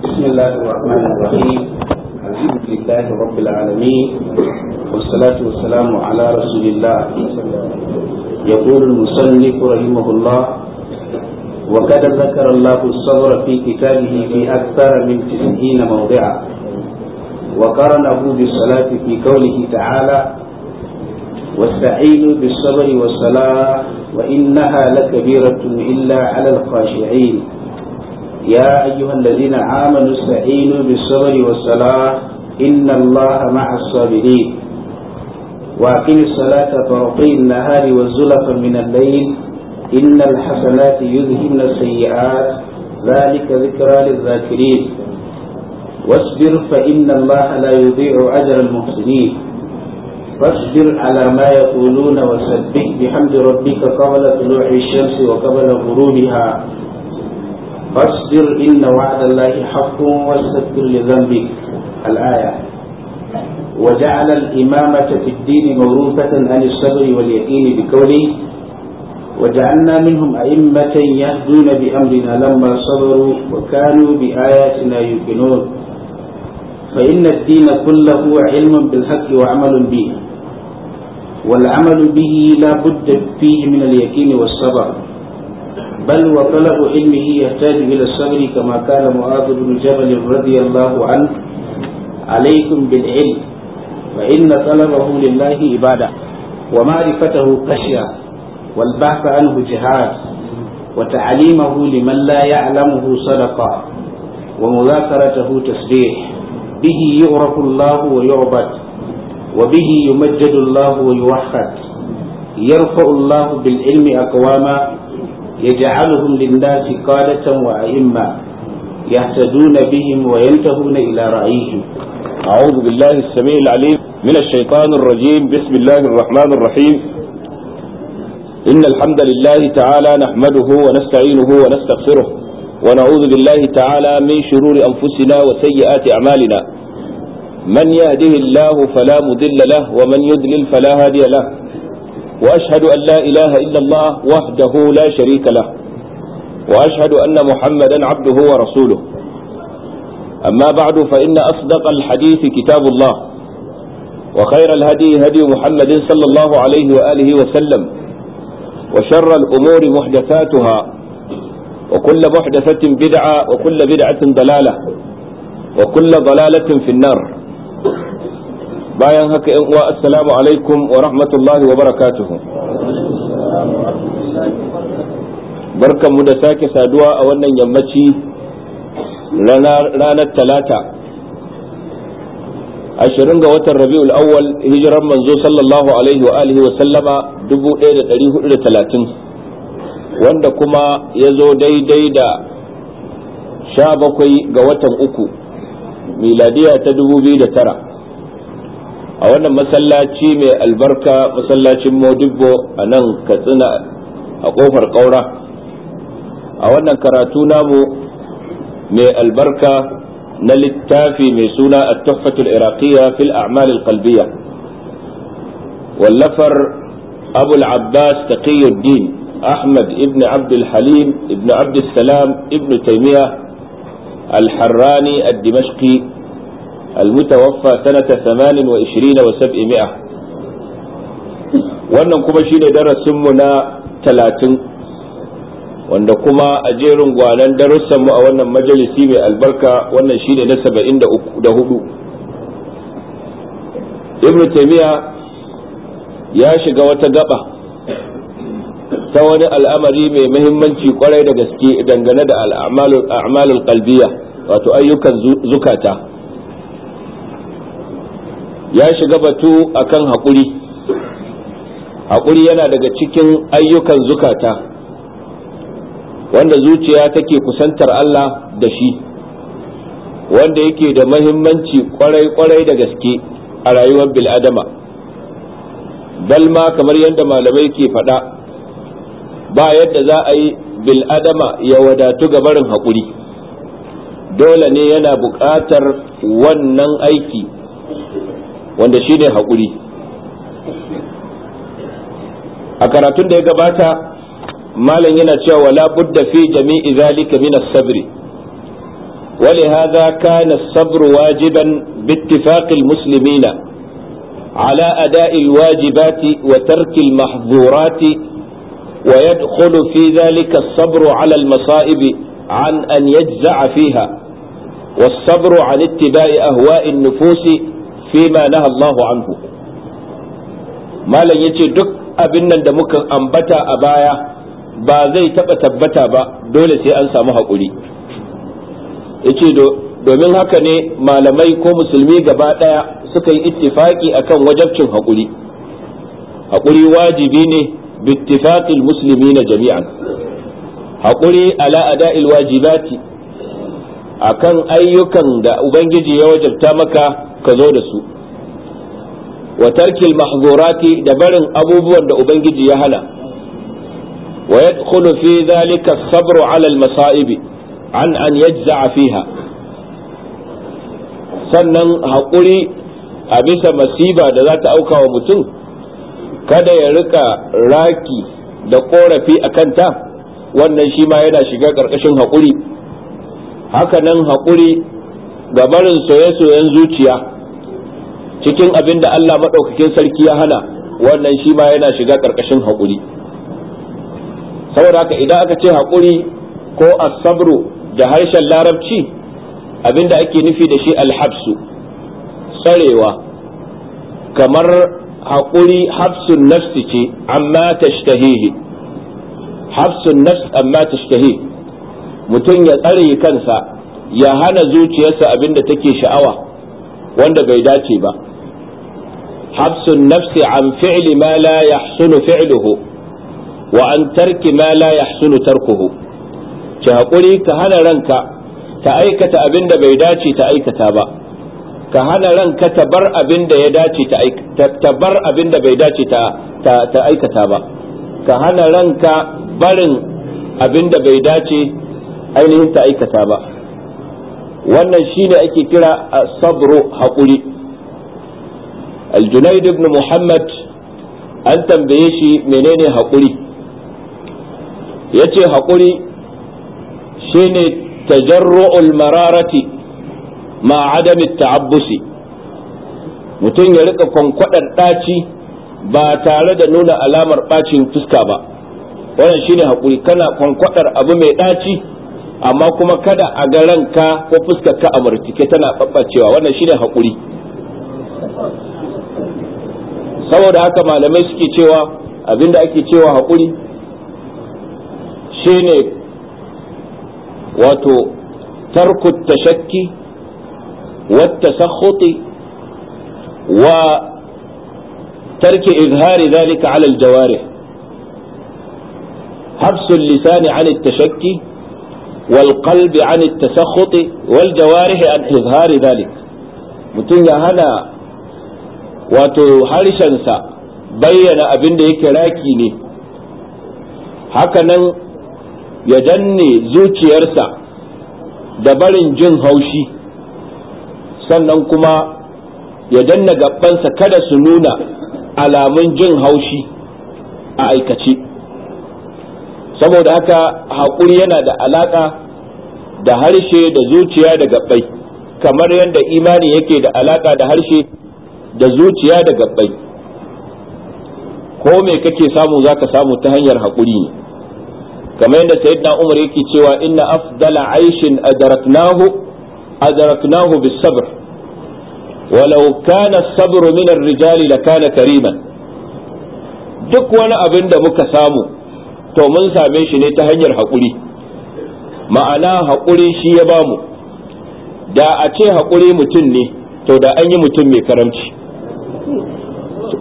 بسم الله الرحمن الرحيم الحمد لله رب العالمين والصلاة والسلام على رسول الله يقول المصنف رحمه الله وقد ذكر الله الصبر في كتابه في أكثر من تسعين موضعا وقرنه بالصلاة في قوله تعالى واستعينوا بالصبر والصلاة وإنها لكبيرة إلا على الخاشعين يا أيها الذين آمنوا استعينوا بالصبر والصلاة إن الله مع الصابرين وأقم الصلاة طرفي النهار والزلفا من الليل إن الحسنات يذهبن السيئات ذلك ذكرى للذاكرين واصبر فإن الله لا يضيع أجر المحسنين فاصبر على ما يقولون وسبح بحمد ربك قبل طلوع الشمس وقبل غروبها فاصبر إن وعد الله حق واستغفر لذنبك الآية وجعل الإمامة في الدين موروثة عن الصبر واليقين بقوله وجعلنا منهم أئمة يهدون بأمرنا لما صبروا وكانوا بآياتنا يوقنون فإن الدين كله علم بالحق وعمل به والعمل به لا بد فيه من اليقين والصبر بل وطلب علمه يحتاج إلى الصبر كما قال معاذ بن جبل رضي الله عنه عليكم بالعلم فإن طلبه لله عبادة ومعرفته خشية والبحث عنه جهاد وتعليمه لمن لا يعلمه صدقة ومذاكرته تسبيح به يعرف الله ويعبد وبه يمجد الله ويوحد يرفع الله بالعلم أقواما يجعلهم للناس قادة وأئمة يهتدون بهم وينتهون إلى رأيهم أعوذ بالله السميع العليم من الشيطان الرجيم بسم الله الرحمن الرحيم إن الحمد لله تعالى نحمده ونستعينه ونستغفره ونعوذ بالله تعالى من شرور أنفسنا وسيئات أعمالنا من يهده الله فلا مضل له ومن يضلل فلا هادي له وأشهد أن لا إله إلا الله وحده لا شريك له وأشهد أن محمدا عبده ورسوله أما بعد فإن أصدق الحديث كتاب الله وخير الهدي هدي محمد صلى الله عليه وآله وسلم وشر الأمور محدثاتها وكل محدثة بدعة وكل بدعة ضلالة وكل ضلالة في النار bayan haka yan uwa assalamu alaikum wa rahmatullahi wa barakatuhu barkanmu da sake saduwa a wannan yammaci ranar talata ashirin ga watan rabi'ul awwal hijirar manzo sallallahu alaihi wa alihi wa sallama 1430 wanda kuma ya zo daidai da sha bakwai ga watan uku miladiya ta 2009 a wannan masallaci mai albarka masallacin modibbo a nan katsina a kofar kaura a wannan karatu namu mai albarka na littafi mai suna a tuhfatul iraqiyya fil a'mal al qalbiyya wallafar abu al-abbas taqiyuddin ahmad ibn abd al-halim ibn abd salam ibn taymiya al-harrani ad-dimashqi المتوفى سنة ثمان وعشرين وسبعمائة wannan kuma shine darasinmu na talatin wanda kuma a jerin gwanan darussanmu a wannan majalisi mai albarka wannan shine na saba'in da hudu ibn taimiyya ya shiga wata gaba ta wani al'amari mai mahimmanci kwarai da gaske dangane da al'amalin kalbiya wato ayyukan zukata ya shiga batu a kan haƙuri haƙuri yana daga cikin ayyukan zukata wanda zuciya take kusantar Allah da shi wanda yake da mahimmanci kwarai-kwarai da gaske a rayuwar bil'adama balma kamar yadda malamai ke faɗa ba yadda za a yi bil'adama ya wadatu ga barin haƙuri dole ne yana buƙatar wannan aiki wanda shine haƙuri a karatun da ya gabata malam yana cewa wala budda fi jami'i zalika min as-sabri ولهذا كان الصبر واجبا باتفاق المسلمين على أداء الواجبات وترك المحظورات ويدخل في ذلك الصبر على المصائب عن أن يجزع فيها والصبر عن اتباع أهواء النفوس fi ma naha Allahu anhu malam yace duk abin nan da muka ambata a baya ba zai taba tabbata ba dole sai an samu haƙuri yace domin haka ne malamai ko musulmi gaba daya suka yi ittifaki akan wajabcin haƙuri haƙuri wajibi ne musulmi na jami'an haƙuri ala ada'il wajibati akan ayyukan da ubangiji ya wajabta maka ka zo da su wa tarkil mahzurati da barin abubuwan da ubangiji ya hana wa yadkhulu fi dhalika as-sabr ala al masaib an an yajza'a fiha sannan haƙuri a bisa masiba da za ta auka wa mutum kada ya rika raki da korafi a kanta wannan shi ma yana shiga ƙarƙashin haƙuri hakanan haƙuri ga barin soye-soyen zuciya cikin abin da Allah maɗaukakin sarki ya hana wannan shi ma yana shiga ƙarƙashin haƙuri saboda haka idan aka ce haƙuri ko asabru da harshen larabci abin da ake nufi da shi alhabsu tsarewa kamar haƙuri hafsun nafsi ce amma tashtahihi hafsun nafs amma tashtahi mutum ya tsare kansa ya hana zuciyarsa abin da take sha'awa wanda bai dace ba habsun nafsi an fi'li ma la yahsunu fi'luhu wa an tarki ma la yahsunu tarkuhu ki haƙuri ka hana ranka ta aikata abin da bai dace ta aikata ba ka hana ranka ta bar abin da ya dace ta bar abin da bai dace ta aikata ba ka hana ranka barin abin da bai dace ainihin ta aikata ba wannan shi shine ake kira sabro haƙuri aljunaid ibn muhammad an tambaye shi menene haƙuri ya ce haƙuri shine tajarru'ul mararati ma adami ta'abbusi mutum ya rika kwankwaɗar ɗaci ba tare da nuna alamar ɓacin fuska ba wannan shi ne haƙuri kana kwankwaɗar abu mai ɗaci amma kuma kada a ga ranka ko ka a murtike tana babbacewa wannan shine hakuri saboda haka malamai suke cewa abinda ake cewa hakuri shine wato tarkut tashakki wa tarki izhari ذلك على الجوارح حبس اللسان عن tashakki والقلب عن التسخط والجوارح عن إظهار ذلك mutum ya hana wato harshensa bayyana abin da yake raki ne Haka nan ya danne zuciyarsa da barin jin haushi sannan kuma ya danna gabansa kada su nuna alamun jin haushi a aikace saboda haka haƙuri yana da alaƙa da harshe da zuciya da gabbai kamar yadda imani yake da alaƙa da harshe da zuciya da gabbai ko me kake samu zaka samu ta hanyar haƙuri ne kamar yadda sayyidina umar yake cewa inna afdala aishin adaraknahu adaraknahu bis sabr walau kana sabru min ar-rijali lakana kariman duk wani abin da muka samu to mun same shi ne ta hanyar haƙuri ma'ana haƙuri shi ya bamu da a ce haƙuri mutum ne to da an yi mutum mai karamci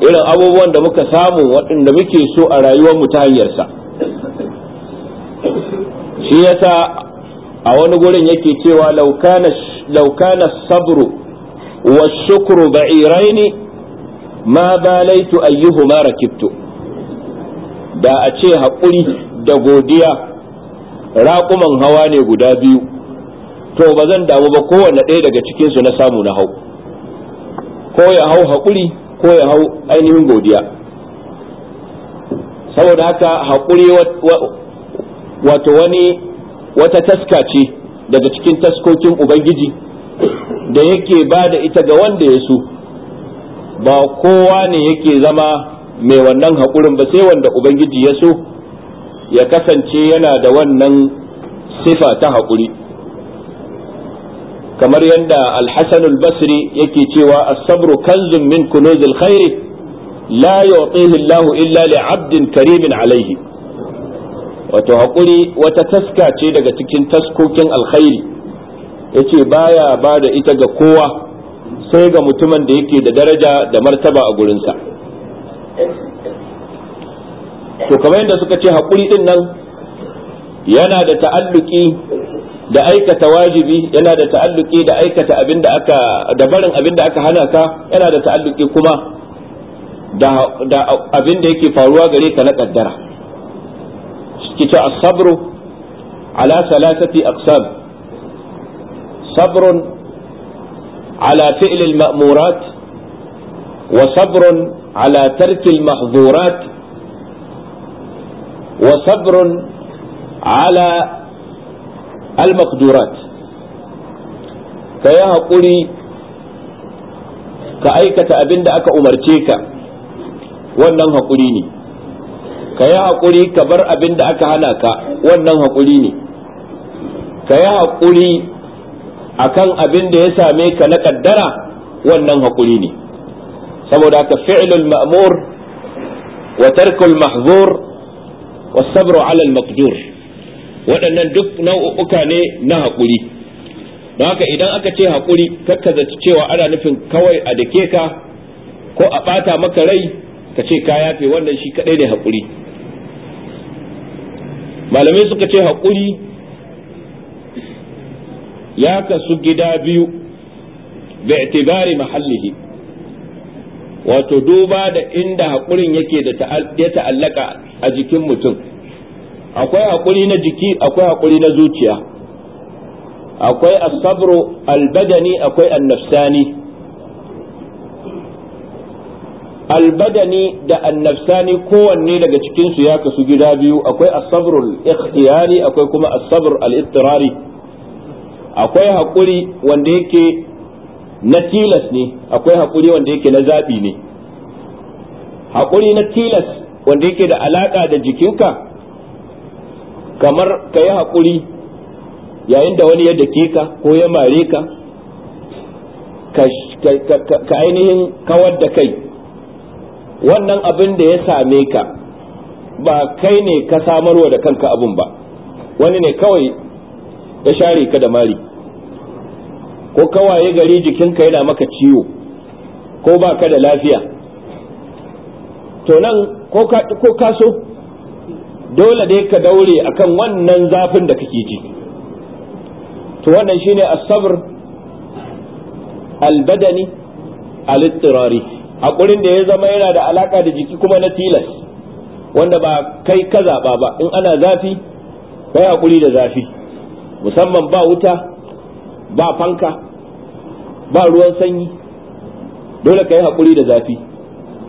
irin abubuwan da muka samu waɗanda muke so a rayuwarmu ta hanyarsa shi yasa a wani gurin yake cewa laukana sabru wa shukru ba'iraini ma balaitu ayyuhuma rakibtu da a ce haƙuri da godiya raƙuman hawa ne guda biyu to ba zan damu ba kowane ɗaya daga cikinsu na samu na hau ko ya hau haƙuri ko ya hau ainihin godiya saboda haka haƙuri wato wani wata taska ce daga cikin taskokin ubangiji da yake ba da ita ga wanda ya su, ba kowa ne yake zama mai wannan haƙurin ba sai wanda ubangiji ya so ya kasance yana da wannan sifa ta haƙuri kamar yadda Alhassanul basri yake cewa as-sabru kanzun min kunuzil khairi la yu'tihi Allah illa abdin karimin alaihi wato haƙuri wata taska ce daga cikin taskokin alkhairi yace baya ba da ita ga kowa sai ga mutumin da yake da daraja da martaba a gurinsa to kamar yadda suka ce haƙuri din nan yana da ta'alluki da aikata wajibi yana da ta'alluki da aikata abin da aka da barin abin da aka hana ka yana da ta'alluki kuma da abin da yake faruwa gare ka na kaddara kice as-sabru ala salasati aqsam sabrun ala fi'l al-ma'murat wa sabrun على ترك المحظورات وصبر على المقدورات فيا قولي كأيكة أبن دعك أمرتيك wannan haƙuri ne ka yi haƙuri ka bar abin da aka hana ka wannan haƙuri ne ka yi haƙuri a kan abin da ya same ka na ƙaddara wannan haƙuri ne saboda haka fi'lul ma'mur wa tarkul mahzur wa sabru 'ala al-maqdur waɗannan duk nau'uka ne na haƙuri don haka idan aka ce haƙuri kakka zaci cewa ana nufin kawai a dake ka ko a ɓata maka rai ka ce ka yafe wannan shi kaɗai ne haƙuri malamai suka ce haƙuri ya kasu gida biyu bi'tibari itibari mahallihi wato duba da inda haƙurin yake da ya ta'allaka a jikin mutum akwai haƙuri na jiki akwai haƙuri na zuciya akwai asabro albadani akwai annafsani albadani da annafsani kowanne daga cikinsu ya kasu gida biyu akwai asabrul ikhtiyari akwai kuma asabr al akwai haƙuri wanda yake na tilas ne akwai haƙuri wanda yake na zaɓi ne haƙuri na tilas wanda yake da alaƙa da jikinka kamar ka yi haƙuri yayin da wani ya dake ka ko ya mare ka ka ainihin kawar da kai wannan abin da ya same ka ba kai ne ka samarwa da kanka abin ba wani ne kawai ya share ka da mari ko kawaye gari jikinka yana maka ciwo ko ba ka da lafiya to nan ko ka so dole dai ka daure akan wannan zafin da kake ji to wannan shine as-sabr al-badani al-ittirari hakurin da ya zama yana da alaka da jiki kuma na tilas wanda ba kai ka zaba ba in ana zafi kai hakuri da zafi musamman ba wuta ba fanka ba ruwan sanyi dole ka yi haƙuri da zafi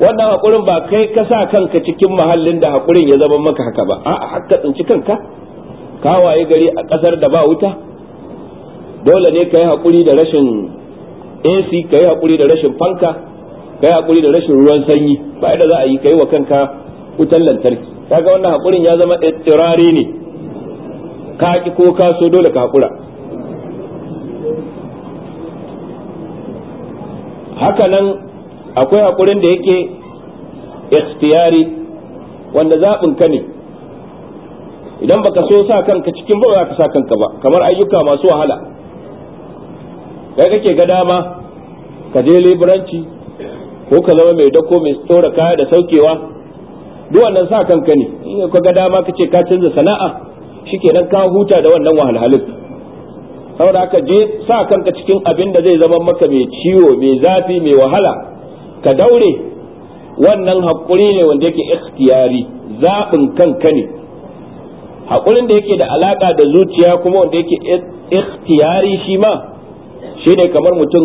wannan haƙurin ba kai ka sa kanka cikin mahallin da haƙurin ya zama maka haka ba a'a haka tsinci kanka ka waye gari a ƙasar da ba wuta dole ne ka yi haƙuri da rashin AC ka yi haƙuri da rashin fanka ka yi haƙuri da rashin ruwan sanyi ba da za a yi ka yi wa kanka wutan lantarki kaga wannan haƙurin ya zama ittirari ne ka ki ko ka so dole ka haƙura haka nan akwai haƙurin da yake ikhtiyari wanda zaɓin ka ne idan baka so sa kanka cikin ba za ka sa kanka ba kamar ayyuka masu wahala kai kake ga dama ka je leburanci ko ka zama mai dako mai tsora kaya da saukewa duk wannan sa kanka ne in ka ga dama ka ce ka canza sana'a shikenan ka huta da wannan wahalhalin saboda haka je sa kanka cikin abin da zai zama maka mai ciwo mai zafi mai wahala ka daure wannan haƙuri ne wanda yake ikhtiyari zaɓin kanka ne haƙurin da yake da alaƙa da zuciya kuma wanda yake ikhtiyari shi ma shi ne kamar mutum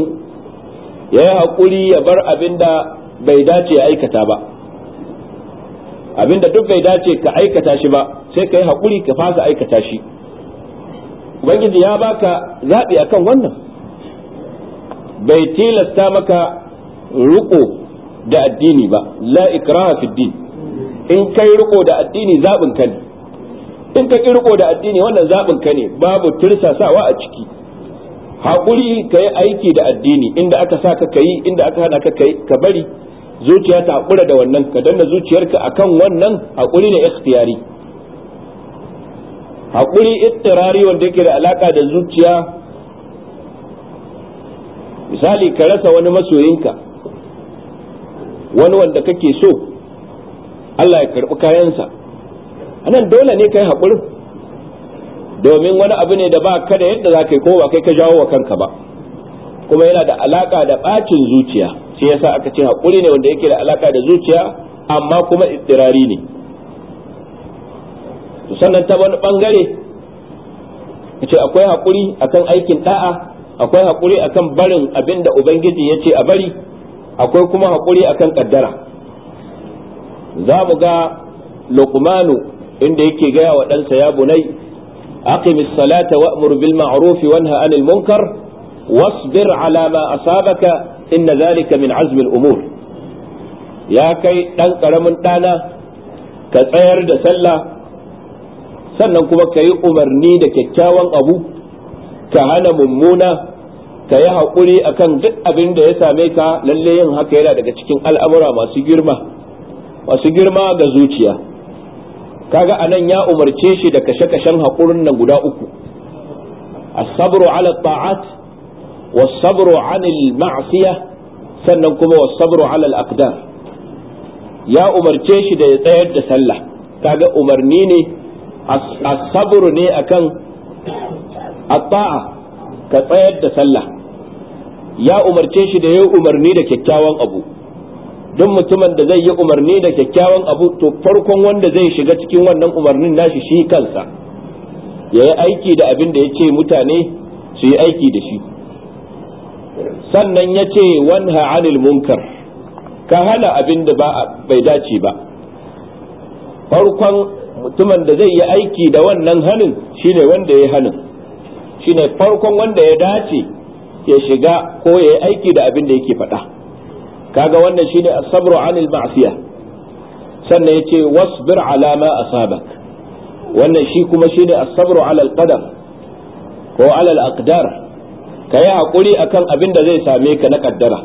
ya yi haƙuri ya bar abin da bai dace ya aikata ba abin da duk bai dace ka aikata shi ba sai ka yi haƙuri ka fasa aikata shi ubangiji ya baka zaɓi akan wannan bai tilasta maka riko da addini ba la ikraha fi din in kai riko da addini zaɓin ka ne in ka riko da addini wannan zaɓin ka ne babu tirsasawa a ciki haƙuri ka yi aiki da addini inda aka sa ka yi inda aka hana ka ka bari zuciya ta haƙura da wannan ka danna zuciyarka akan wannan haƙuri ne ikhtiyari haƙuri ittirari wanda yake da alaka da zuciya misali ka rasa wani masoyinka wani wanda kake so Allah ya karɓi kayansa anan dole ne kai haƙurin domin wani abu ne da ba ka da yadda za ka yi ko ba kai ka jawo wa kanka ba kuma yana da alaka da ɓacin zuciya shi yasa aka ce haƙuri ne wanda yake da alaka da zuciya amma kuma ittirari ne sannan ta wani bangare ce akwai haƙuri akan aikin da'a akwai haƙuri akan barin abinda ubangiji ya ce a bari akwai kuma haƙuri akan ƙaddara za mu ga luqmanu inda yake gaya wa ɗansa ya bunai aqimi salata wa'mur bil ma'ruf wanha 'anil munkar wasbir 'ala ma asabaka inna zalika min azmi al umur ya kai dan karamin dana ka tsayar da sallah sannan kuma ka yi umarni da kyakkyawan abu ka hana mummuna ka yi haƙuri a kan duk abin da ya same ka lalle yin haka yana daga cikin al'amura masu girma masu girma ga zuciya kaga anan ya umarce shi da kashe-kashen haƙurin nan guda uku as-sabru ala ta'at was-sabru 'anil ma'siyah sannan kuma was-sabru 'ala al-aqdar ya umarce shi da ya tsayar da sallah kaga umarni ne as ne akan at-ta'a ka tsayar da sallah ya umarce shi da yayi umarni da kyakkyawan abu duk mutumin da zai yi umarni da kyakkyawan abu to farkon wanda zai shiga cikin wannan umarnin nashi shi kansa ya yi aiki da abin da ya ce mutane su yi aiki da shi sannan ya ce wanha anil munkar ka hana abin da bai dace ba farkon mutumin da zai yi aiki da wannan hanin shine wanda ya Shi shine farkon wanda ya dace ya shiga ko ya yi aiki da abin da yake faɗa kaga wannan shine a sabru 'anil ma'siyah sannan yace wasbir 'ala ma asabak wannan shi kuma shine asabru sabru 'ala al ko 'ala al-aqdar kai hakuri akan abin da zai same ka na kaddara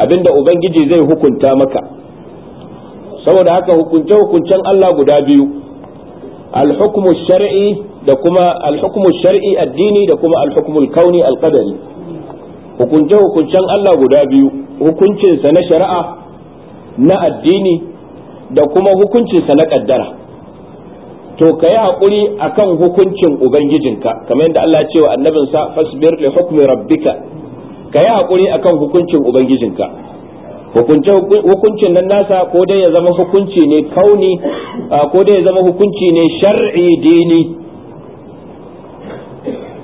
abin da ubangiji zai hukunta maka saboda haka hukunce hukuncen Allah guda biyu al-hukmu shar'i shar'i addini da kuma al kauni al-qadari hukunce hukuncen Allah guda biyu hukuncinsa na shari'a na addini da kuma hukuncinsa na kaddara to ka yi haƙuri a hukuncin ubangijinka kamar yadda Allah cewa wa annabinsa fasbir li hukmi rabbika ka yi haƙuri akan hukuncin ubangijinka hukuncin nan nasa ko dai ya zama hukunci ne kauni ko dai ya zama hukunci ne shar'i dini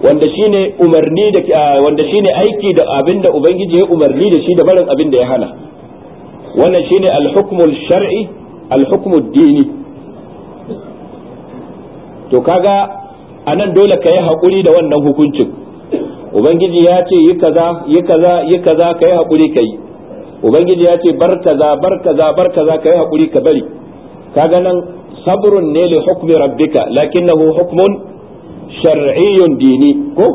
wanda shine umarni da wanda shine aiki da abinda ubangiji ya umarni da shi da barin abinda ya hana wannan shine al-hukmul shar'i al-hukmud dini to kaga anan dole ka yi haƙuri da wannan hukuncin ubangiji ya ce yi kaza yi kaza yi kaza ka yi haƙuri ka yi ubangiji ya ce bar kaza bar kaza bar kaza kai hakuri ka bari kaga nan sabrun ne li hukmi rabbika lakinnahu hukmun shar'iyyun dini ko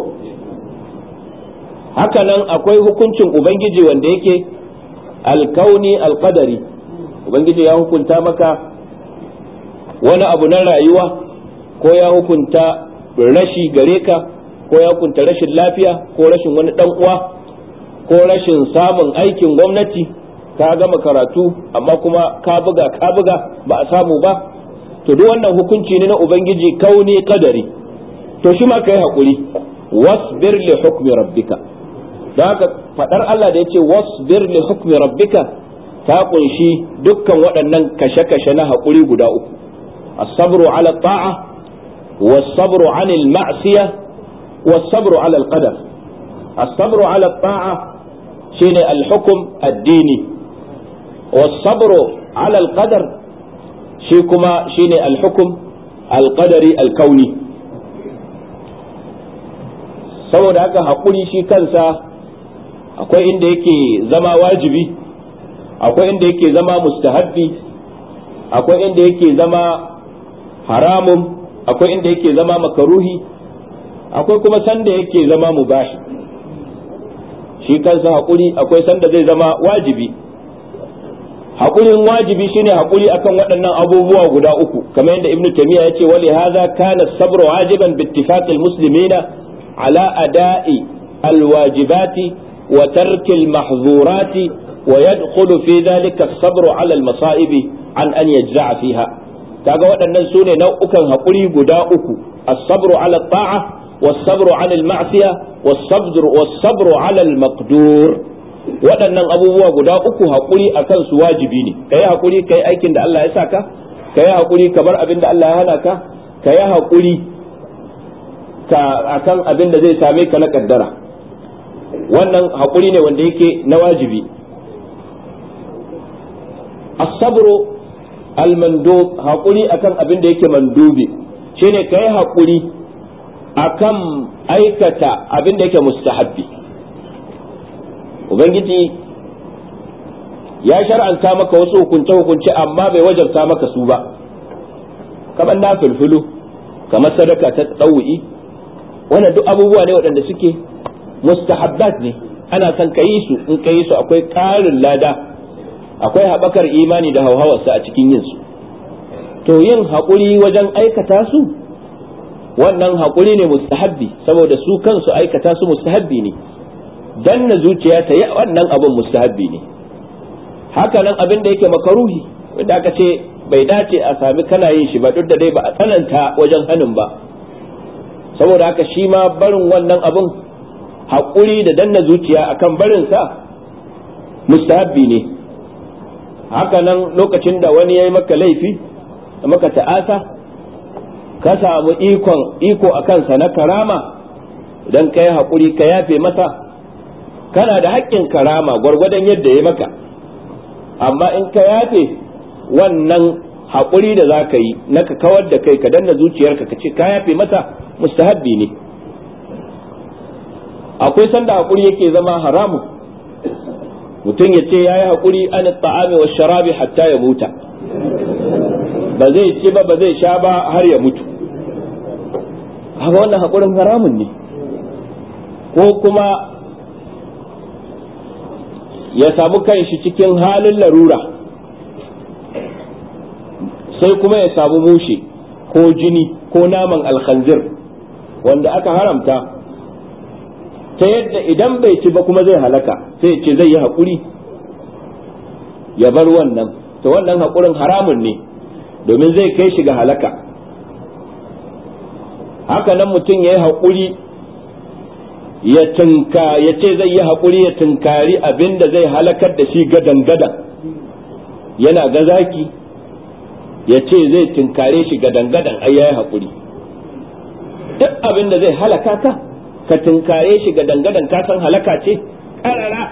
haka nan akwai hukuncin ubangiji wanda yake alkauni alqadari ubangiji ya hukunta maka wani abu na rayuwa ko ya hukunta rashi gare ka ko ya hukunta rashin lafiya ko rashin wani dan uwa ko rashin samun aikin gwamnati ta gama karatu amma kuma ka buga ka buga ba a samu ba to duk wannan hukunci ne na ubangiji kauni kadari to shi ma kai hakuri wasbir li hukmi rabbika da haka fadar Allah da yace wasbir li hukmi rabbika ta kunshi dukkan waɗannan kashe-kashe na hakuri guda uku as-sabru ala ta'a was-sabru 'anil ma'siyah was-sabru 'ala al-qadar as-sabru 'ala ta'a shine al-hukm addini was-sabru ala al-qadar shi kuma shine al-hukm al-qadari saboda haka hakuri shi kansa akwai inda yake zama wajibi akwai inda yake zama mustahabbi akwai inda yake zama haramun akwai inda yake zama makaruhi akwai kuma sanda yake zama mubashi shi kansa haƙuri akwai sanda zai zama wajibi haƙurin wajibi shine haƙuri akan waɗannan abubuwa guda uku kamar yadda ibnu tamiya yace wali hadha kana sabru wajiban bi ittifaqil ala ada'i alwajibati wa tarki almahzurati wa yadkhulu fi dhalika as-sabru ala al-masa'ibi an an yajza'a fiha kaga waɗannan sune nau'ukan haƙuri guda uku as-sabru ala ta'a والصبر على المعصية والصبر والصبر على المقدور waɗannan abubuwa guda uku haƙuri a kansu wajibi ne ka yi haƙuri ka yi aikin da Allah ya sa ka ka yi haƙuri ka bar abin da Allah ya hana ka ka yi haƙuri ka akan abin da zai same ka na ƙaddara wannan haƙuri ne wanda yake na wajibi as al-mandub haƙuri akan abin da yake mandubi shine ka yi haƙuri akan aikata abin da yake mustahabbi ubangiji ya shar'anta maka wasu hukunce hukunce amma bai wajarta maka su ba kamar na filfilu kamar sadaka ta tsawu'i wannan duk abubuwa ne waɗanda suke mustahabbat ne ana san ka su in ka su akwai ƙarin lada akwai haɓakar imani da hauhawarsa a cikin yin su to yin haƙuri wajen aikata su wannan hakuri ne mustahabbi saboda su kansu aikata su mustahabbi ne danna zuciya ta yi wannan abin mustahabbi ne haka nan abin da yake makaruhi wanda aka ce bai dace a sami kana yin shi ba duk da dai ba a tsananta wajen hanin ba saboda haka shi ma barin wannan abin hakuri da danna zuciya akan barin sa mustahabbi ne haka nan lokacin da wani ya yi maka laifi maka ta'asa ka samu ikon iko a kansa na karama idan ka yi haƙuri ka yafe masa kana da haƙƙin karama gwargwadon yadda ya maka amma in ka yafe wannan haƙuri da za ka yi na ka kawar da kai ka danna zuciyarka ka ce ka yafe masa. mustahabbi ne akwai sanda haƙuri yake zama haramu mutum ya ce ya yi haƙuri an ta'ami wa sharabi hatta ya muta ba zai ci ba ba zai sha ba har ya mutu haka wannan haƙurin haramun ne ko kuma ya samu shi cikin halin larura sai kuma ya samu mushe ko jini ko naman alkhanzir wanda aka haramta ta yadda idan bai ci ba kuma zai halaka sai ce zai yi haƙuri ya bar wannan to wannan haƙurin haramun ne domin zai kai shi ga halaka haka nan mutum ya yi haƙuri ya tunka ya ce zai yi haƙuri ya tunkari abin da zai halakar da shi gadan gadan yana ga zaki ya ce zai tunkare shi gadan gadan ai ya yi haƙuri duk abin da zai halaka ka ka tunkare shi gadan gadan ka san halaka ce ƙarara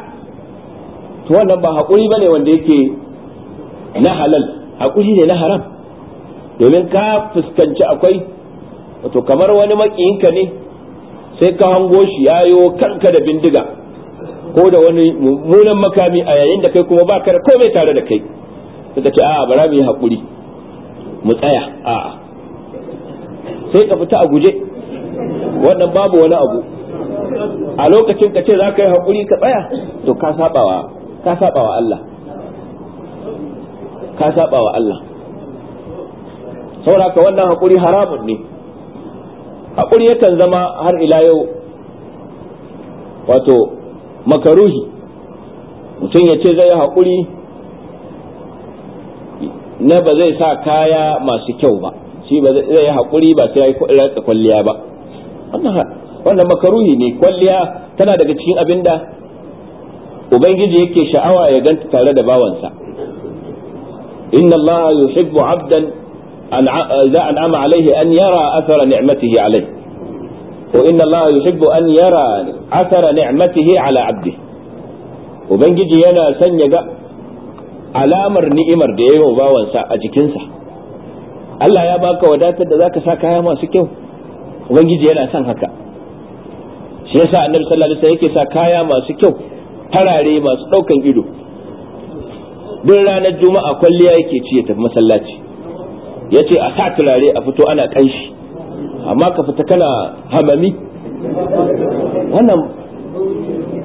to wannan ba haƙuri bane wanda yake na halal haƙuri ne na haram domin ka fuskanci akwai wato kamar wani makiyinka ne sai ka hango shi yayo kanka da bindiga ko da wani mummunan makami a yayin da kai kuma ba ka da komai tare da kai sai ka ce a'a bara mu yi hakuri mu tsaya a'a sai ka fita a guje wannan babu wani abu a lokacin ka ce za ka yi hakuri ka tsaya to ka sabawa ka sabawa Allah ka sabawa Allah saboda ka wannan hakuri haramun ne haƙuri yakan zama har ila yau wato makaruhi mutum ya ce zai haƙuri na ba zai sa kaya masu kyau ba shi ba zai haƙuri ba sai ya kwalliya ba wannan makaruhi ne kwalliya tana daga cikin abin da ubangiji yake sha'awa ya ganta tare da bawansa inna allaha yuhibbu abdan إذا أنعم عليه أن يرى أثر نعمته عليه وإن الله يحب أن يرى أثر نعمته على عبده وبنجي ينا سنجا alamar ni'imar da ya yi wa a jikinsa Allah ya baka wadatar da zaka sa kaya masu kyau ubangiji yana son haka shi yasa annabi sallallahu alaihi wasallam yake sa kaya masu kyau tarare masu daukan ido duk ranar juma'a kwalliya yake ci ya tafi masallaci ya ce a sa turare a fito ana kanshi amma ka fita kana hamami wannan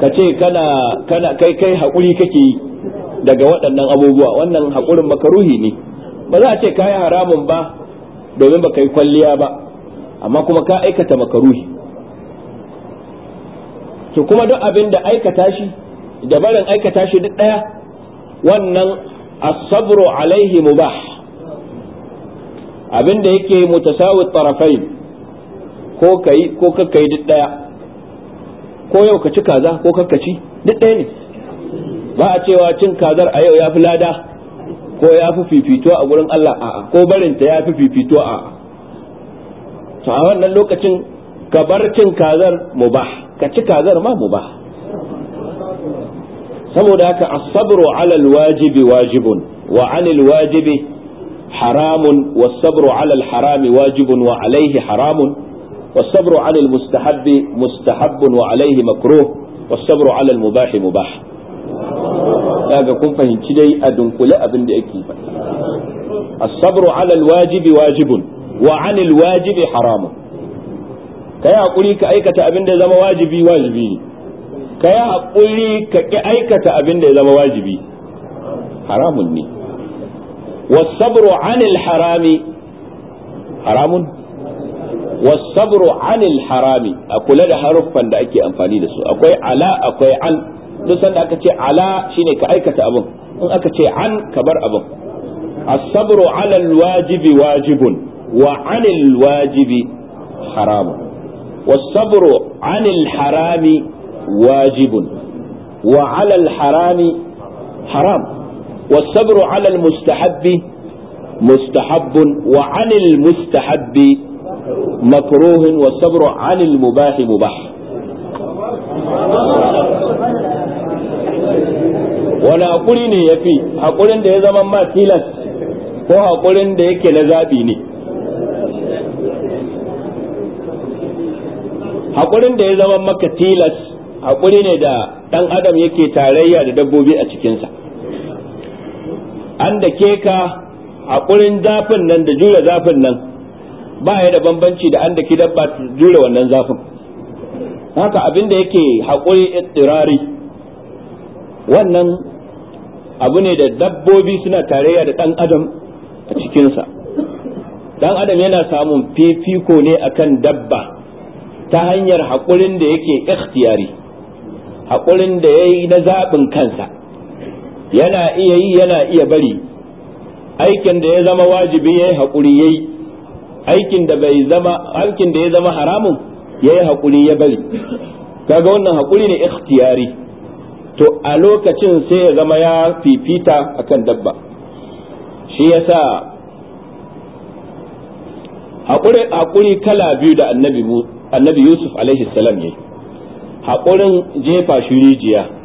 ka ce kana kai kai haƙuri kake yi daga waɗannan abubuwa wannan haƙurin makaruhi ne ba za a ce ka yi haramun ba domin ba ka yi kwalliya ba amma kuma ka aikata makaruhi to kuma duk abin da aikata shi da barin aikata shi duk ɗaya wannan asabru alaihi mubah abin da yake mutasawit tarafai ko kai ko yi duk daya ko yau ka ci kaza ko kakka ci duk daya ne ba a cewa cin kazar a yau ya fi lada ko ya fi fifito a gurin Allah a'a ko barinta ya fi fifito? a'a to a wannan lokacin ka bar cin kazar mubah ka ci kazar ma mubah saboda haka as-sabru 'ala al-wajibi wajibun wa 'anil wajibi حرام والصبر على الحرام واجب وعليه حرام والصبر على المستحب مستحب وعليه مكروه والصبر على المباح مباح kaga kun fahimci dai a dunkule abin da yake ba as-sabru ala al-wajib wajibun wa 'ala al-wajib haram kai hakuri ka aikata abin da zama wajibi wajibi kai hakuri ka ki aikata abin da zama wajibi haramun ne والصبر عن الحرام حرام والصبر عن الحرام أقول هذا حرف فند أكي أنفاني لسو أقول على أقول عن نسان أكتي على شيني كأيكة أبن أكتي عن كبر أبن الصبر على الواجب واجب وعن الواجب حرام والصبر عن الحرام واجب وعلى الحرام حرام والصبر على المستحب مستحب وعن المستحب مكروه والصبر عن المباح مباح wani haƙuri ne ya fi haƙurin da ya zama ma tilas ko haƙurin da yake na zaɓi ne haƙurin da ya zama maka tilas haƙuri ne da ɗan adam yake tarayya da dabbobi a cikinsa an da ke ka haƙurin zafin nan da jure zafin nan ba ya da bambanci da an da ki dabba jure wannan zafin haka abin da yake haƙuri ittirari wannan abu ne da dabbobi suna tarayya da ɗan adam a cikinsa ɗan adam yana samun fifiko ne akan dabba ta hanyar haƙurin da yake ikhtiyari haƙurin da ya yi na zaɓin kansa yana iya yi yana iya bari aikin da ya zama wajibi yayi hakuri yayi aikin da bai zama aikin da ya zama haramun yayi hakuri ya bari kaga wannan hakuri ne ikhtiyari to a lokacin sai ya zama ya fifita akan dabba shi yasa haƙuri kala biyu da annabi yusuf alaihi salam yayi haƙurin jefa shirijiya rijiya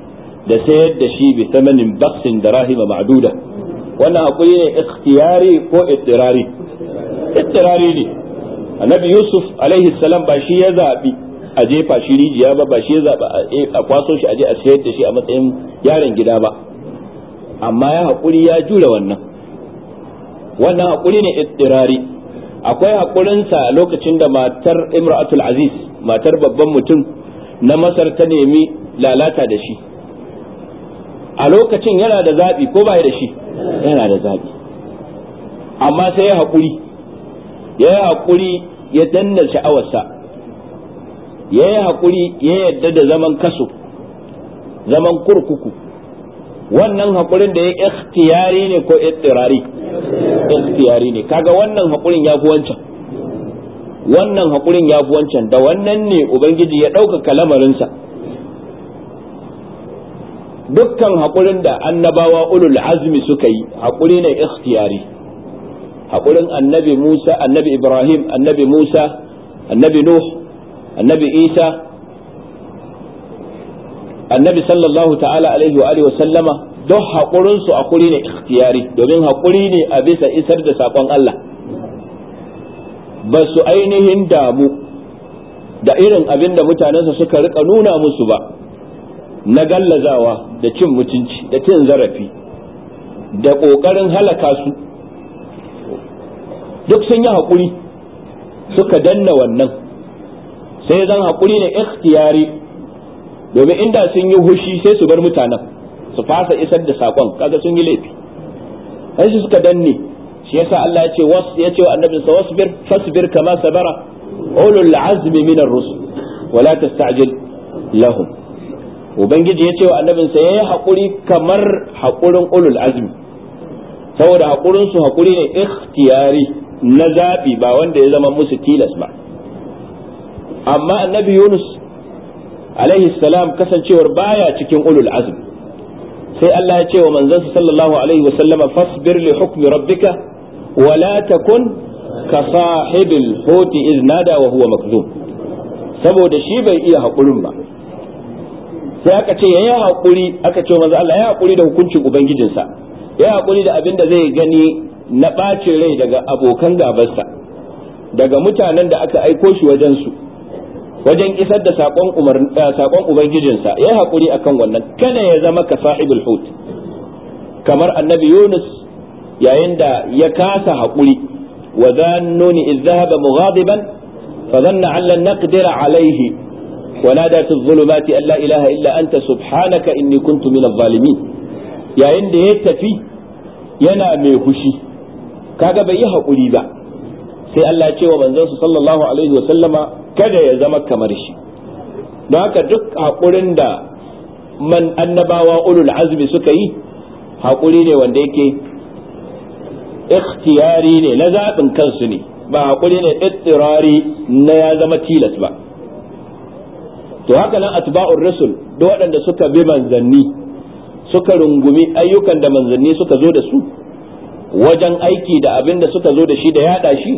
da sayar da shi bi samanin baksin da rahima ma'duda wannan hakuri ne ikhtiyari ko ittirari ittirari ne annabi yusuf alaihi salam ba shi ya zabi a jefa shi rijiya ba ba shi ya zaɓi eh, a kwaso shi a je a sayar da shi a matsayin yaron gida ba amma ya hakuri ya jure wannan wannan hakuri ne ittirari akwai hakurinsa lokacin da matar imra'atul aziz matar babban mutum na masar ta nemi lalata da shi a lokacin yana da zaɓi ko ba da shi yana da zaɓi amma sai ya haƙuri ya yi haƙuri ya danna sha'awarsa ya yi haƙuri ya yadda da zaman kaso zaman kurkuku wannan haƙurin da ya ikhtiyari ne ko ittirari ikhtiyari ne kaga wannan haƙurin ya fi wancan wannan haƙurin ya fi wancan da wannan ne ubangiji ya ɗauka kalamarinsa. dukkan haƙurin da annabawa ulul azmi suka yi haƙuri ne ikhtiyari haƙurin annabi Musa annabi Ibrahim annabi Musa annabi Nuh annabi Isa annabi sallallahu ta'ala alaihi wa alihi wa sallama duk haƙurin su haƙuri ne ikhtiyari domin haƙuri ne a bisa isar da saƙon Allah ba su ainihin damu da irin abin da mutanensa suka rika nuna musu ba na gallazawa da cin mutunci da cin zarafi da ƙoƙarin halaka su duk sun yi haƙuri suka danna wannan sai zan haƙuri ne ikhtiyari domin inda sun yi hushi sai su bar mutanen su fasa isar da saƙon kaga sun yi laifi sai su suka danne shi yasa Allah ya ce was ya ce wa annabi sa wasbir fasbir kama sabara ulul azmi minar rusul wala tasta'jil lahum ubangiji ya ce wa annabinsa ya yi haƙuri kamar haƙurin ulul azmi saboda haƙurinsu haƙuri ne ikhtiyari na zaɓi ba wanda ya zama musu tilas ba amma annabi yunus alaihi salam kasancewar baya cikin ulul azmi sai Allah ya ce wa manzansa sallallahu alaihi wa sallama fasbir li hukmi rabbika wa la takun ka sahibil hoti iz nada wa huwa makzum saboda shi bai iya haƙurin ba sai aka ce yayi hakuri aka ce manzo Allah ya hakuri da hukuncin ubangijinsa ya hakuri da abin da zai gani na ɓace rai daga abokan gabarsa daga mutanen da aka aiko shi wajen su wajen isar da saƙon eh, ubangijinsa ya haƙuri akan wannan kada ya zama ka sahibul hut kamar annabi yunus yayin da ya kasa haƙuri wa zannuni iz dhahaba mughadiban fa zanna an lan naqdira alayhi ونادى في الظلمات أن لا إله إلا أنت سبحانك إني كنت من الظالمين يا إن يتفي ينا ميهشي كاغا بيها قليبا sai Allah ce wa manzansu sallallahu alaihi wa sallama kada ya zama kamar shi don haka duk haƙurin da man annabawa ulul azmi suka yi haƙuri ne wanda yake ikhtiyari ne na zaɓin kansu ne ba haƙuri ne ittirari na ya zama tilas ba to haka nan atba'ur rusul duk waɗanda suka bi manzanni suka rungumi ayyukan da manzanni suka zo da su wajen aiki da abin da suka zo da shi da yada shi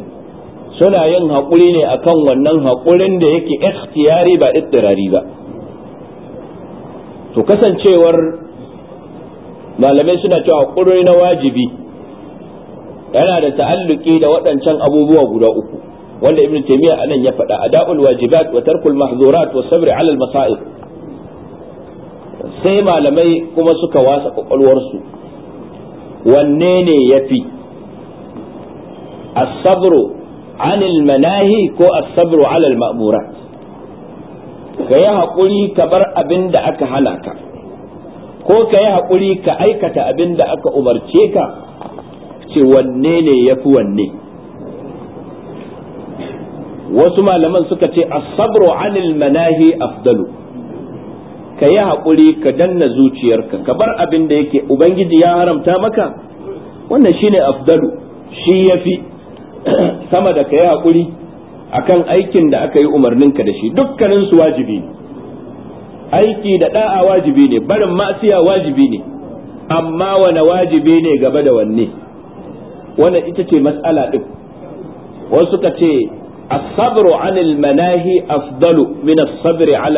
suna yin haƙuri ne akan wannan haƙurin da yake ikhtiyari ba ittirari ba to kasancewar malamai suna cewa haƙuri na wajibi yana da ta'alluki da waɗancan abubuwa guda uku wanda ibnu taymiya anan ya faɗa ada'ul wajibat wa tarkul mahzurat wa sabr 'ala al masa'ib sai malamai kuma suka wasa kwakwalwarsu wanne ne yafi as-sabru 'anil manahi ko as-sabru 'ala al ma'murat ka yi ka bar abin da aka hana ka ko ka yi haƙuri ka aikata abin da aka umarce ka ce wanne ne ya fi wanne wasu malaman suka ce asabru 'anil manahi afdalu ka yi haƙuri ka danna zuciyarka ka bar abin da yake ubangiji ya haramta maka wannan shine afdalu shi yafi sama da ka yi haƙuri akan aikin da aka yi umarninka da shi dukkaninsu su wajibi ne aiki da ɗa'a wajibi ne barin ma'asiya wajibi ne amma wane wajibi ne gaba da wanne wannan ita ce matsala ɗin wasu ka ce as-sabru al-manahi afdalu min as-sabri al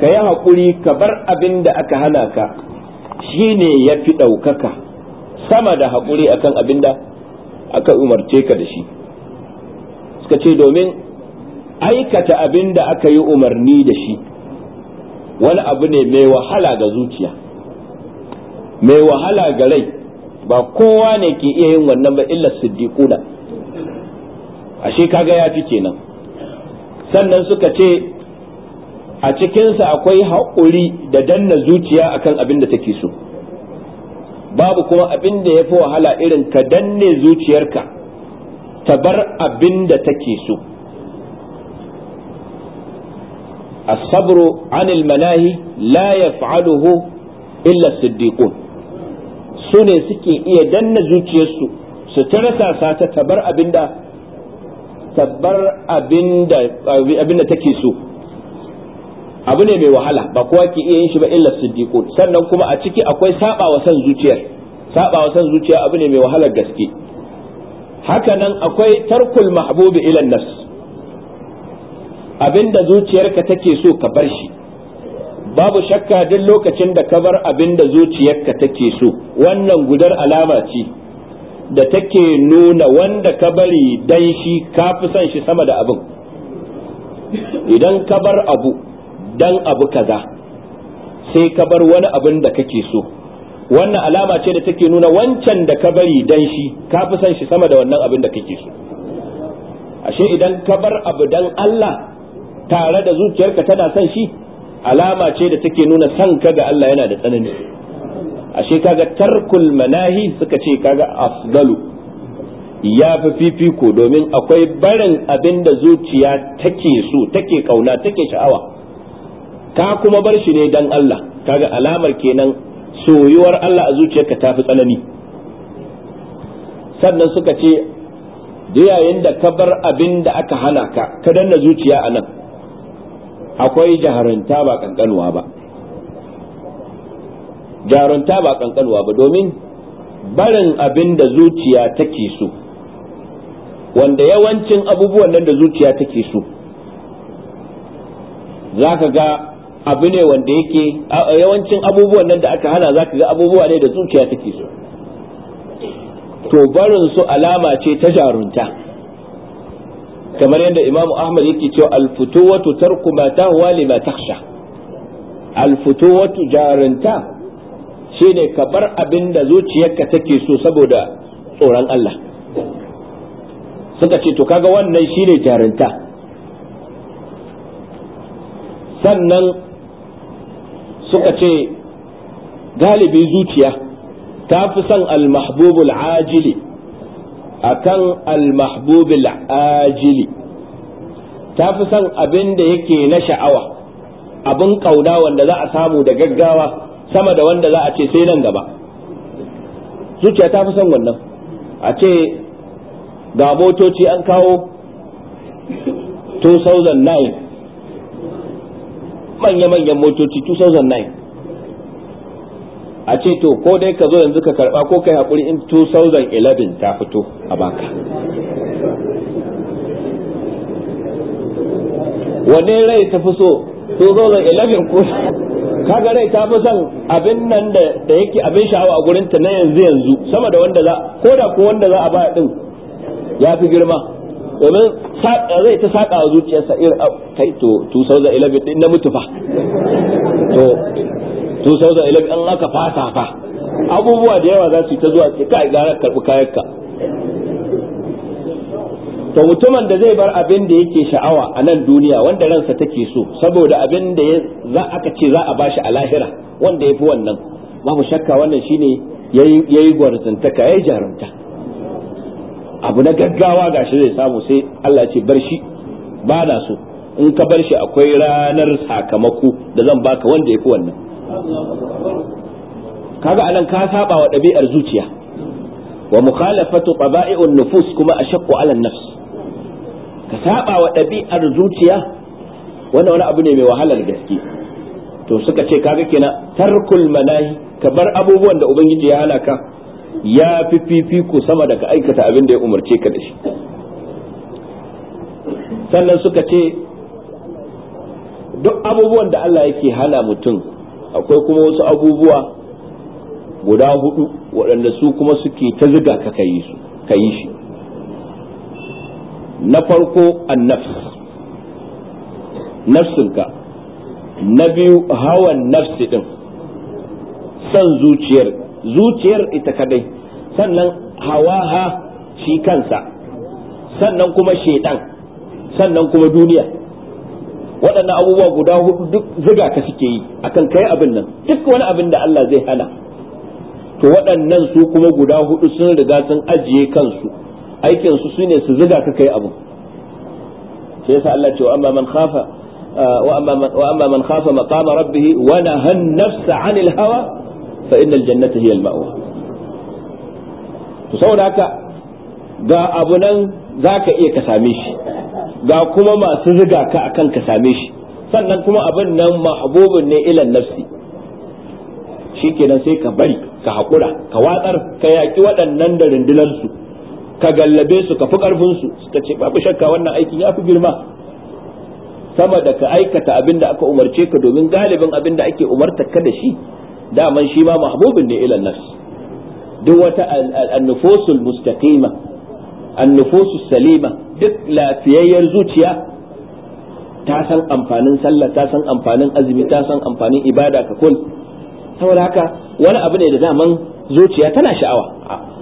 ka yi haƙuri ka bar abin da aka hana ka shine yafi ɗaukaka sama da haƙuri akan abin da aka umarce ka da shi suka ce domin aikata abin da aka yi umarni da shi wani abu ne mai wahala ga zuciya mai wahala ga rai ba kowa ne ke iya yin wannan ba illa siddiquna ashe kaga ya fi kenan sannan suka ce a cikinsa akwai haƙuri da danna zuciya akan abin da take so babu kuma abin da ya fi wahala irin ka danne zuciyarka ta bar abin da take so asabro anil manahi la yaf'aluhu illa siddiqun su ne suke iya danna zuciyarsu su ta rasa ta bar abin sabbar abinda take so abu ne mai wahala ba kowa ke iya yin shi ba illa siddiqun sannan kuma a ciki akwai wa san zuciyar wa san zuciya abu ne mai wahalar gaske haka nan akwai tarkul mahbubi ila nafs abinda zuciyarka take so ka bar shi babu shakka duk lokacin da ka bar abinda zuciyarka take so wannan gudar alama ce da take nuna wanda ka bari dan shi ka fi son shi sama da abin idan ka bar abu dan abu kaza sai ka bar wani abin da kake so wannan alama ce da take nuna wancan da ka bari dan shi ka fi son shi sama da wannan abin da kake so ashe idan ka bar abu dan Allah tare da zuciyarka tana son shi alama ce da take nuna son ka ga Allah yana da tsanani ashe kaga tarkul manahi suka ce kaga afdalu ya fi fifiko domin akwai barin abin da zuciya take so take kauna take sha'awa ka kuma bar shi ne dan Allah kaga alamar kenan soyuwar Allah a zuciyarka ta fi tsanani sannan suka ce da yayin da ka bar abin da aka hana ka ka danna zuciya a nan akwai jaharanta ba kankanuwa ba jarunta ba kankanwa ba domin barin abin da zuciya take so wanda yawancin abubuwan nan da zuciya take so za ka ga abu ne wanda yake yawancin abubuwan nan da aka hana za ka ga abubuwa ne da zuciya take so to barin su alama ce ta jarunta kamar yadda imamu ahmad yake cewa alfutuwatu tarku ma tahwa lima takhsha alfutuwatu jarunta shine ka bar abin da zuciyarka take so saboda tsoron Allah suka ce to kaga wannan shine jarinta sannan suka ce galibi zuciya ta fi son almahbubul ajili akan almahbubul ajili ta fi son abin da yake na sha'awa abin kauna wanda za a samu da gaggawa sama da wanda za a ce sai nan gaba zuciya ta fi son wannan a ce ga motoci an kawo 2009 manya-manyan motoci 2009 a ce to ko dai ka zo yanzu ka karba ko kai haƙuri in 2011 ta fito a baka wane rai ta fi so 2011 ko kaga rai ta fi son abin nan da yake abin sha'awa a gurinta na yanzu yanzu sama da wanda za ko da ko wanda za a ba din ya fi girma domin zai ta saƙa a zuciyarsa irin kai to 2011 din na mutu fa to 2011 an aka fasa fa abubuwa da yawa za su yi ta zuwa ce kai gara karɓi kayanka to mutumin da zai bar abin da yake sha'awa a nan duniya wanda ransa take so saboda abin da za aka ce za a bashi a lahira wanda ya fi wannan babu shakka wannan shine yayi gwarzantaka yayi jarumta abu na gaggawa gashi zai samu sai Allah ce bar shi ba na so in ka bar shi akwai ranar sakamako da zan baka wanda ya fi wannan kaga anan ka saba wa ɗabi'ar zuciya wa mukhalafatu qaba'i'un nufus kuma ashaqqu 'ala an-nafs ka saba wa ɗabi'ar zuciya wannan wani abu ne mai wahalar gaske to suka ce kaga kenan tarkul manahi ka bar abubuwan da ubangiji ya halaka ya fi fifiku sama da ka aikata abin da ya umarce ka da shi sannan suka ce duk abubuwan da Allah yake hana mutum akwai kuma wasu abubuwa guda hudu waɗanda su kuma suke ta ziga ka kayi shi na farko annafs nafsinka na biyu hawan nafsi din san zuciyar zuciyar ita kadai sannan hawaha shi kansa sannan kuma shaidan sannan kuma duniya waɗannan abubuwa guda hudu duk ziga ka suke yi akan kai abin nan duk wani abin da Allah zai hana to waɗannan su kuma guda hudu sun riga sun ajiye kansu aikin su shine su zuga ka kai abu sai yasa Allah ce wa amma man khafa uh, wa amma man khafa maqama rabbih wa nahan nafsa 'anil hawa fa innal jannata hiya al-ma'wa to saboda haka ga abu nan zaka iya ka same shi ga kuma masu zuga ka akan ka same shi sannan kuma abin nan mahbubun ne ilan nafsi shikenan sai ka bari ka haƙura ka watsar ka yaki waɗannan da su. ka gallabe su ka fi karfin su suka ce babu shakka wannan aikin ya fi girma sama da ka aikata abin da aka umarce ka domin galibin abin da ake umarta ka da shi daman shi ma mahbubin ne ilan nafs duk wata annufusul mustaqima annufusus salima duk lafiyayyar zuciya ta san amfanin sallah ta san amfanin azumi ta san amfanin ibada ka kul saboda haka wani abu ne da daman zuciya tana sha'awa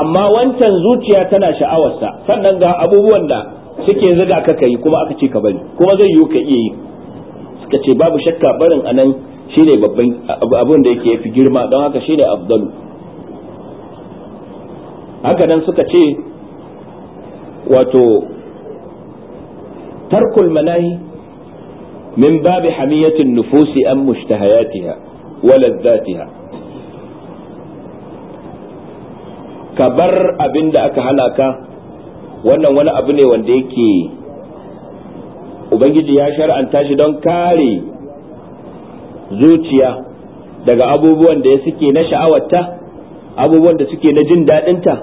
amma wancan zuciya tana sha'awarsa sannan ga abubuwan da suke zuga ka kai kuma aka ce ka bari kuma zai yiwu ka iya yi suka ce babu shakka barin anan shine babban abin da yake yafi girma don haka shine afdalu haka nan suka ce wato tarkul manahi min babi hamiyatin nufusi an mushtahayatiha wa ladzatiha ka bar abin da aka halaka wannan wani abu ne wanda yake ubangiji ya shar'anta shi don kare zuciya daga abubuwan da suke na sha'awarta abubuwan da suke na jin daɗinta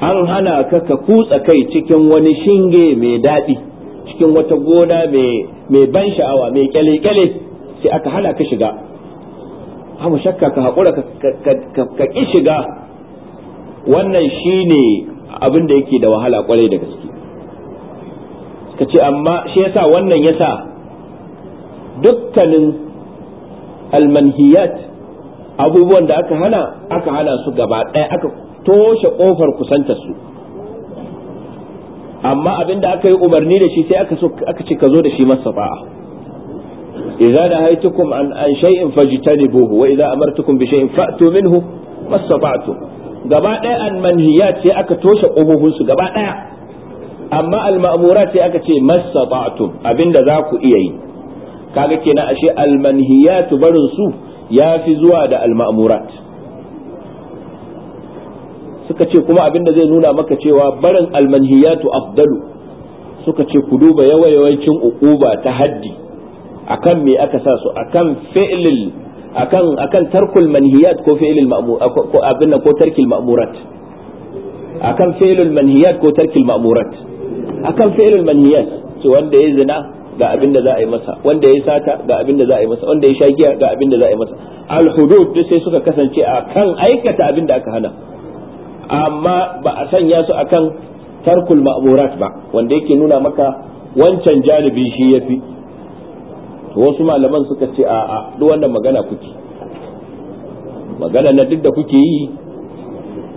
an hana ka ka kutsa kai cikin wani shinge mai daɗi cikin wata gona mai ban sha'awa mai kyale-kyale sai aka hana ka shiga babu shakka ka haƙura ka ƙi shiga wannan ne abin da yake da wahala kwarai da gaske ka ce amma shi yasa wannan yasa dukkanin almanhiyat abubuwan da aka hana aka hana su gaba ɗaya aka toshe ƙofar kusanta su amma abin da aka yi umarni da shi sai aka ce ka zo da shi masa ba'a idza nahaytukum an an shay'in fajtanibuhu wa idza amartukum bi shay'in fa'tu minhu mastata'tum gaba ɗaya an manhiyat aka toshe kofofin su gaba ɗaya amma al ma'murat sai aka ce mastata'tum abinda za ku iya yi kaga kenan ashe al manhiyat barin su yafi zuwa da al ma'murat suka ce kuma abinda zai nuna maka cewa barin al manhiyatu afdalu suka ce ku duba yawayawancin uquba ta haddi akan me aka sa su akan fi'lil akan akan tarkul manhiyat ko fi'lil ma'mur ko abin ko tarkil ma'murat akan fi'lil manhiyat ko tarkil ma'murat akan fi'lil manhiyat to wanda ya zina ga abin da za a yi masa wanda ya sata ga abin da za a yi masa wanda ya shagiya ga abin da za a yi masa al hudud duk sai suka kasance akan aikata abin da aka hana amma ba a sanya su akan tarkul ma'murat ba wanda yake nuna maka wancan janibi shi yafi wasu malaman suka ce a a duk wannan magana kuke magana na duk da kuke yi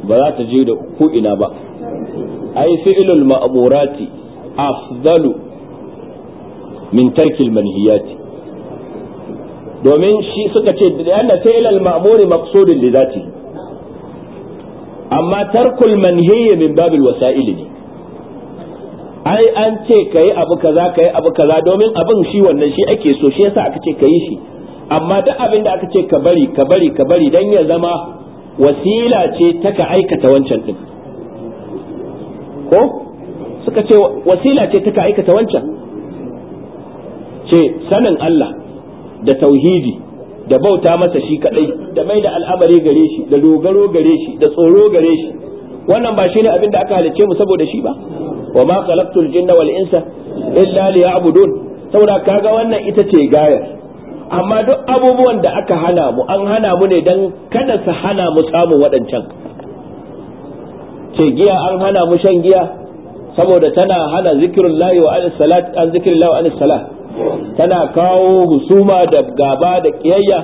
ba za ta je da ku ina ba ai fi'lul ma'murati afdalu min tarkil manhiyati domin shi suka ce da yana fi'lul ma'muri maqsudin li zati amma tarkul manhiyi min babil wasa'ili ne ai an ce ka yi abu kaza ka yi abu kaza domin abin shi wannan shi ake so shi yasa aka ce ka yi shi amma duk abin da aka ce ka bari ka bari ka bari dan ya zama wasila ce ta ka aikata wancan din ko suka ce wasila ce ta ka aikata wancan ce sanin Allah da tauhidi da bauta masa shi kadai da mai da al'amari gare shi da dogaro gare shi da tsoro gare shi wannan ba shine abin da aka halice mu saboda shi ba wa ma khalaqtul jinna wal insa illa liya'budun saboda kaga wannan ita ce gayar amma duk abubuwan da aka hana mu an hana mu ne dan kada su hana mu samun waɗancan ce giya an hana mu shan giya saboda tana hana zikirin layi wa an salat an zikirin wa an salat tana kawo husuma da gaba da kiyayya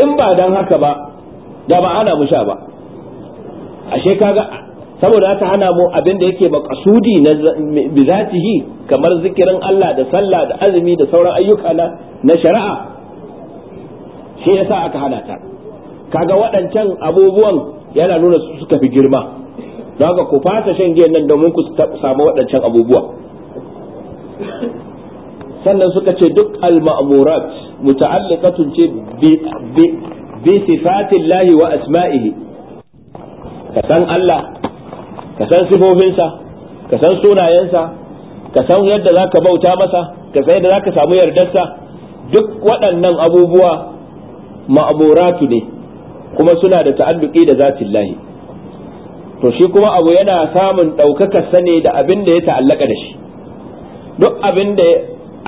in ba dan haka ba da ba ana musha ba ashe kaga saboda haka hana mu abin da yake makasudi na bizatihi kamar zikirin Allah da sallah da azumi da sauran ayyuka na shari'a shi yasa aka hana ta kaga waɗancan abubuwan yana nuna su suka fi girma don haka ku fasa shan giyan nan domin ku samu waɗancan abubuwa sannan suka ce duk al-ma'murat muta'alliqatun ce bi sifatillahi wa asma'ihi ka san Allah ka san sifofinsa ka san sunayensa ka san yadda za ka bauta masa ka san yadda za ka samu yardarsa duk waɗannan abubuwa ma'amuratu ne kuma suna da ta'adduki da zatin lahi to shi kuma abu yana samun ɗaukakar sane da abin da ya ta'allaka da shi duk abin da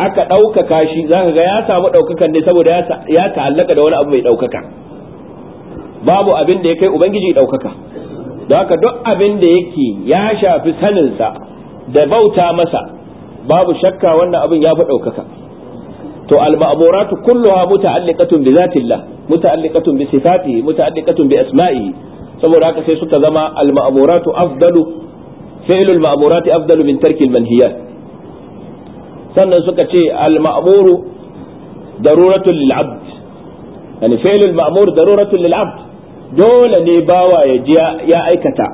aka ɗaukaka shi za ka ga ya samu ɗaukakan ne saboda ya ta'allaka da wani abu mai ɗaukaka babu abin da ya kai ubangiji ɗaukaka don haka duk abin da yake ya shafi saninsa da bauta masa babu shakka wannan abin ya fi ɗaukaka to al-ma'muratu kulluha muta'alliqatun bi zatillah muta'alliqatun bi sifatihi muta'alliqatun bi asma'ihi saboda haka sai suka zama al-ma'muratu afdalu fi'lu al-ma'murati afdalu min tarki al-manhiyat sannan suka ce al-ma'muru daruratun lil 'abd yani fi'lu al-ma'mur daruratul lil 'abd dole ne bawa ya ji ya aikata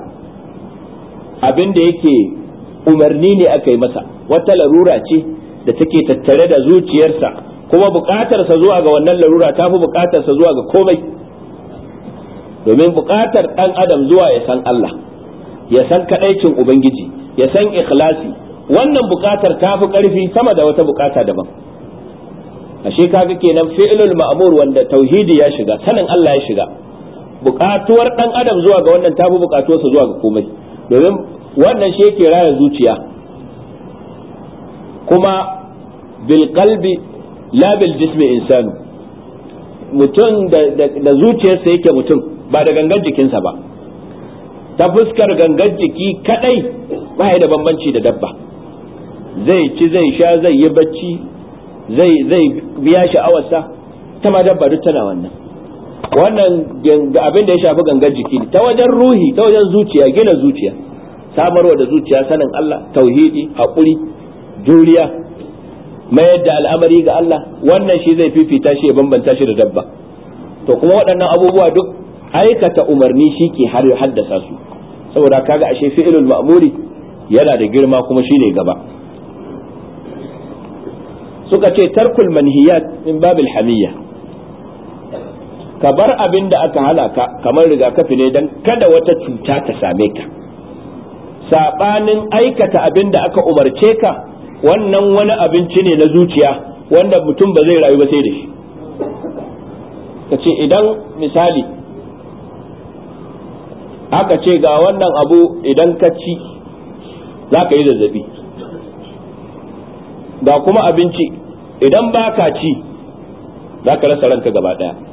abin da yake umarni ne aka yi masa wata larura ce da take tattare da zuciyarsa kuma bukatarsa zuwa ga wannan larura ta fi bukatarsa zuwa ga komai domin bukatar ɗan adam zuwa ya san Allah ya san kadaicin ubangiji ya san ikhlasi wannan bukatar ta fi ƙarfi sama da wata bukata daban ashe kaga kenan fi'lul ma'mur wanda tauhidi ya shiga sanin Allah ya shiga bukatuwar dan adam zuwa ga wannan tafi bukatuwarsa zuwa ga komai domin wannan shi yake raya zuciya kuma bil qalbi la bil jismi insanu mutum da zuciyarsa yake mutum ba da gangan jikinsa ba ta fuskar gangan jiki kadai ba da bambanci da dabba zai ci zai sha zai yi bacci zai biya sha'awarsa ta ma dabba duk tana wannan wannan abin da ya shafi gangar jiki ne ta wajen ruhi ta wajen zuciya gina zuciya samarwa da zuciya sanin Allah tauhidi haƙuri juriya mayar da al'amari ga Allah wannan shi zai fifita shi ya bambanta shi da dabba to kuma waɗannan abubuwa duk aikata umarni shi ke har haddasa su saboda kaga ashe fi'ilul ma'muri yana da girma kuma shi ne gaba suka ce tarkul manhiyat min babil hamiyya ka bar abin da aka halaka kamar rigakafi ne don kada wata cuta ta same ka saɓanin aikata abin da aka umarce ka wannan wani abinci ne na zuciya wanda mutum ba zai rayu ba sai da shi ka ce idan misali aka ce ga wannan abu idan ka ci za ka yi zazzabi ga kuma abinci idan ba ka ci za ka rasa ranka gaba ɗaya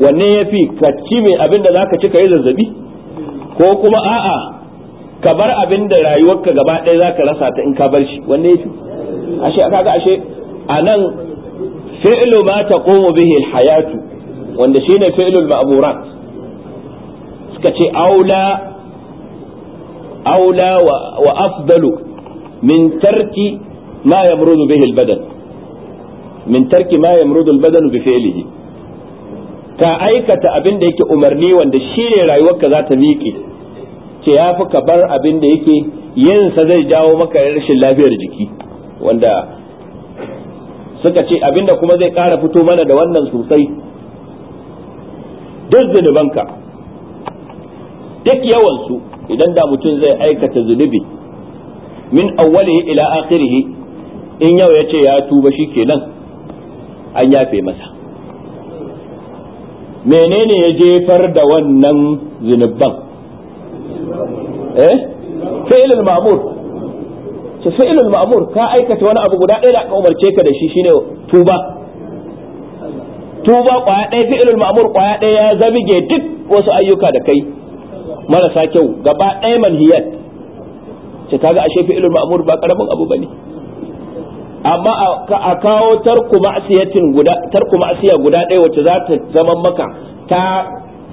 wanne ya fi ka ci mai abin da za ka ci ka yi zazzabi ko kuma a'a ka bar abin da rayuwarka gaba ɗaya za ka rasa ta in ka bar shi wanne ya fi ashe ga ashe a nan fi'lu ma taqumu bihi hayatu wanda shine fi'lul ma'murat suka ce aula aula wa afdalu min tarki ma yamrudu bihi al-badan min tarki ma yamrudu al bi fi'lihi ka aikata abin da yake umarni wanda shi ne rayuwarka za ta miƙe ce ya fi ka bar abin da yake yinsa zai jawo maka rashin lafiyar jiki wanda suka ce abin da kuma zai ƙara fito mana da wannan sosai duk zunubanka duk yawansu idan da mutum zai aikata zunubi min awwalihi ila akhirihi in yau ya ce ya tuba shi kenan an yafe masa menene ya jefar da wannan zunuban eh fa'ilul ma'mur ce fa'ilul ma'mur ka aikata wani abu guda ɗaya da aka umarce ka da shi shine tuba tuba kwaya ɗaya fa'ilul ma'mur kwaya ɗaya ya zabige duk wasu ayyuka da kai marasa kyau gaba ɗaya manhiyat ce kaga ashe fa'ilul ma'mur ba karamin abu bane amma a kawo tarku ma'asiyatin guda ma'asiya guda ɗaya wacce za ta zama maka ta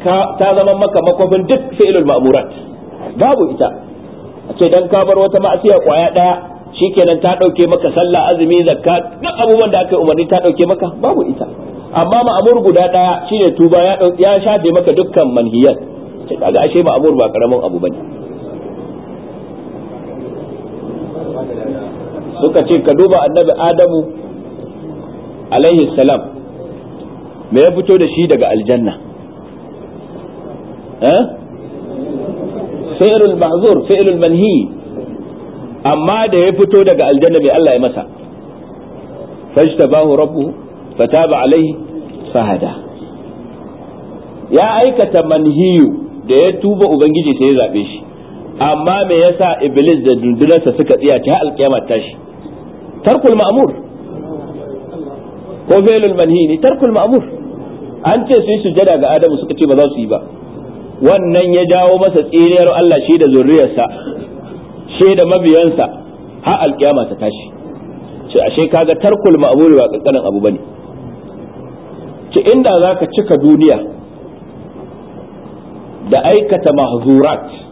ta maka makwabin duk fi'ilul ma'murat babu ita a ce dan ka bar wata ma'asiya kwaya ɗaya shikenan ta ɗauke maka sallah azumi zakka duk abubuwan da aka umarni ta ɗauke maka babu ita amma ma'amur guda ɗaya shine tuba ya ya shafe maka dukkan manhiyat ce kaga ashe ma'amur ba karamin abu bane suka ce ka duba annabi adamu alaihi salam me ya fito da shi daga aljanna eh? fi'lul mahzur fi'lul manhi amma da ya fito daga aljanna mai Allah ya masa fajtabahu rabbu fataba alaihi fahada ya aikata manhiyu da ya tuba ubangiji sai ya zabe shi amma me yasa iblis da dundunarsa suka tsaya ta alkiyama tashi tarkul ma'mur ko velul manhi ne tarkul ma'mur an ce su yi sujada ga adamu suka ce ba za su yi ba wannan ya jawo masa tsiriyar Allah shi da zurriyarsa shi da mabiyansa ha alkiyama ta tashi ce ashe kaga tarkul ma'mur ba kankanin abu bane ce inda zaka cika duniya da aikata mahzurat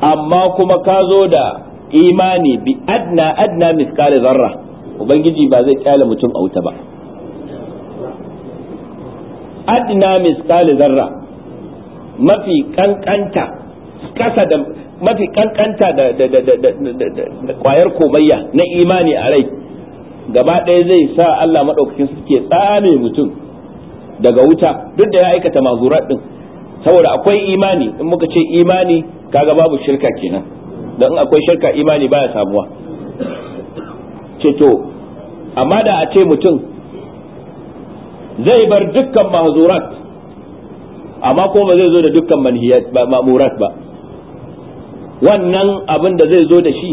amma kuma ka zo da imani bi adna adna miskali zarra ubangiji ba zai kyale mutum a wuta ba adna miskali zarra mafi kankanta kasa da mafi kankanta da da da da kwayar komayya na imani a rai gaba ɗaya zai sa Allah maɗaukakin suke tsame mutum daga wuta duk da ya aikata mazurat din saboda akwai imani in muka ce imani kaga babu shirka kenan dan akwai shirka imani baya samuwa ce to amma da a ce mutum zai bar dukkan mahzurat amma ko ba zai zo da dukkan manhiyat ba ma'murat ba wannan abin da zai zo da shi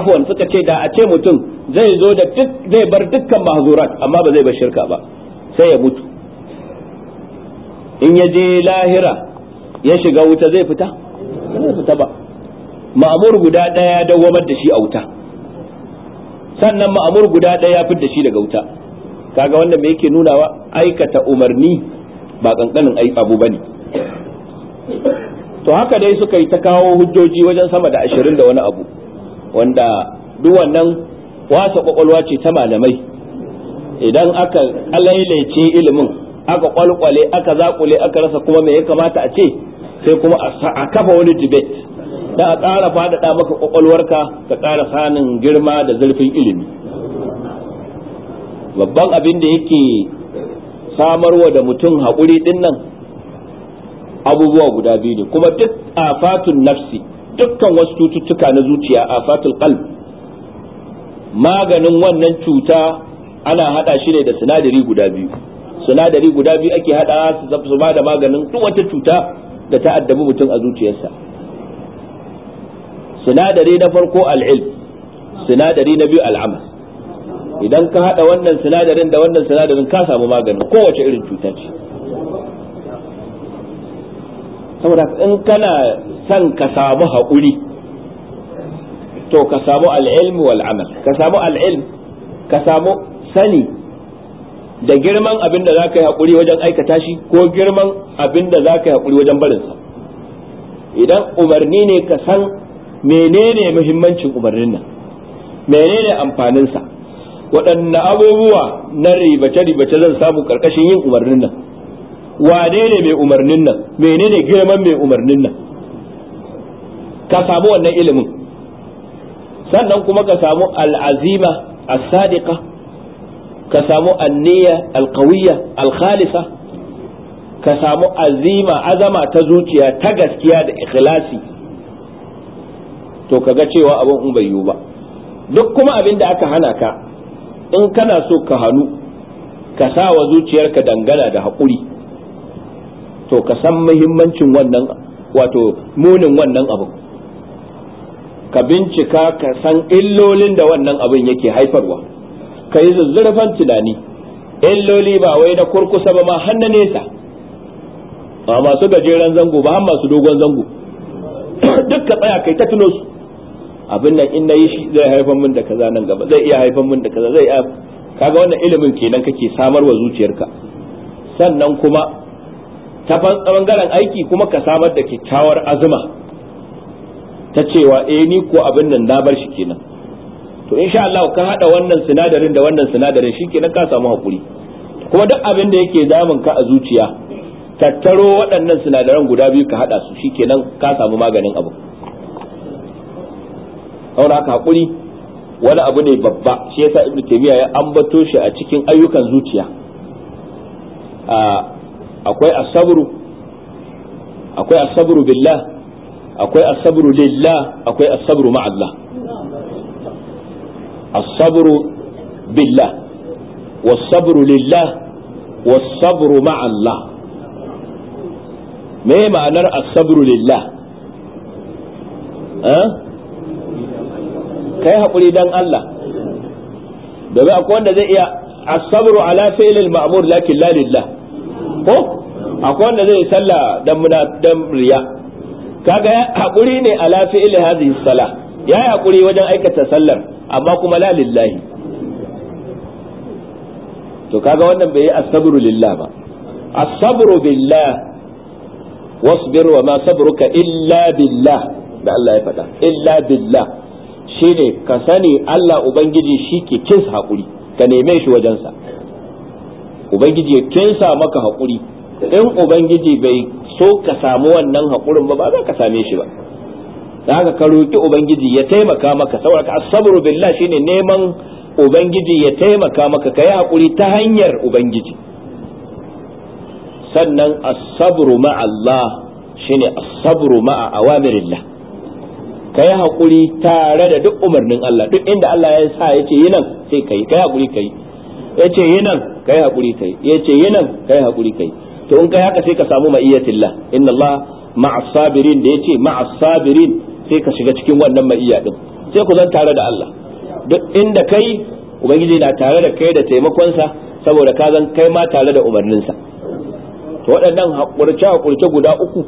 afwan suka ce da a ce mutum zai zo da duk zai bar dukkan mahzurat amma ba zai bar shirka ba sai ya mutu in ya je lahira ya shiga wuta zai fita zai fita ba ma'amur guda ɗaya dawwamar da shi a wuta sannan ma'amur guda ɗaya ya da shi daga wuta kaga wanda me yake nuna nunawa aikata umarni ba kankanin abu bane to haka dai suka yi ta kawo hujjoji wajen sama da ashirin da wani abu wanda duk wannan wasa kwakwalwa ce ta malamai idan aka alailaice ilimin aka kwalkwale aka zakule aka rasa kuma me ya kamata a ce sai kuma a kafa wani debate da a ƙara faɗaɗa maka kwakwalwarka ka ƙara sanin girma da zurfin ilimi babban abin da yake samarwa da mutum haƙuri ɗin nan abubuwa guda biyu ne kuma duk fatun nafsi dukkan wasu cututtuka na zuciya a afatul qalb maganin wannan cuta ana haɗa shi ne da sinadari guda biyu sinadari guda biyu ake hada su su ba da maganin duk wata cuta da ta addabi mutum a zuciyarsa sinadari na farko al'ilm sinadari na biyu al'amal idan ka hada wannan sinadarin da wannan sinadarin ka samu maganin kowace irin cuta ce saboda in kana son ka samu haƙuri to ka samu al'ilmi wal'amal ka samu al'ilm ka samu sani da girman abin da za ka yi haƙuri wajen aikata shi ko girman abin da za ka yi haƙuri wajen barinsa idan umarni ne ka san menene muhimmancin umarnin nan menene amfaninsa waɗanne abubuwa na ribace-ribace zan samu ƙarƙashin yin umarnin nan wane ne mai umarnin nan menene girman mai umarnin nan ka samu wannan ilimin sannan kuma ka samu al'azima as-sadiqa ka samu anniya alqawiyya alkhalisa ka samu azima azama ta zuciya ta gaskiya da ikhlasi to kaga cewa abin in bai yiwu ba duk kuma abin da aka hana ka in kana so ka hannu ka sa wa zuciyarka dangana da haƙuri to ka san muhimmancin wannan wato munin wannan abin ka bincika ka san illolin da wannan abin yake haifarwa ka yi zazzurfan tunani illoli ba wai na kurkusa ba ma hannu nesa ba masu gajeren zango ba har masu dogon zango duk ka tsaya kai ta tuno abin nan in nayi shi zai haifan min da kaza nan gaba zai iya haifan min da kaza zai iya kaga wannan ilimin kenan kake wa zuciyarka sannan kuma ta bangaren aiki kuma ka samar da kyakkyawar azuma ta cewa eh ni ko abin nan na bar shi kenan to insha Allah ka hada wannan sinadarin da wannan sinadarin na ka samu hakuri kuma duk abin da yake damun ka a zuciya tattaro waɗannan sinadaran guda biyu ka hada su shikenan ka samu maganin abu saboda haka hakuri wani abu ne babba shi yasa ibnu taymiya ya ambato shi a cikin ayyukan zuciya akwai asabru akwai asabru billah akwai asabru lillah akwai asabru ma'allah as-sabru billah lillah was-sabru ma'a me ma'anar as-sabru lillah kai haƙuri dan Allah domin akwai wanda zai iya as-sabru ala lakin la ko akwai wanda zai sallah dan muna dan riya kaga haƙuri ne ala fi'li hadhihi salah ya haƙuri wajen aikata sallar amma kuma la lillahi to kaga wannan bai yi asabru lillah ba asabru billah wasbir wa ma sabruka illa billah da Allah ya faɗa illa billah shine ka sani Allah ubangiji shi ke hakuri ka neme shi wajensa ubangiji ya kinsa maka hakuri in ubangiji bai so ka samu wannan hakurin ba ba za ka same shi ba da haka ka ki ubangiji ya taimaka maka saboda as-sabru billah shine neman ubangiji ya taimaka maka kai hakuri ta hanyar ubangiji sannan as-sabru ma'a Allah shine as-sabru ma'a awamirillah kai hakuri tare da duk umarnin Allah duk inda Allah ya sa yace yi nan sai kai kai hakuri kai yace yi nan kai hakuri kai yace yinan nan kai hakuri kai to in kai haka sai ka samu ma'iyatillah inna Allah ma'as sabirin da yace ma'as sabirin sai ka shiga cikin wannan ma'iya din sai ku zan tare da Allah duk inda kai ubangiji na tare da kai da taimakonsa saboda ka zan kai ma tare da umarninsa to waɗannan haƙurce hakurce guda uku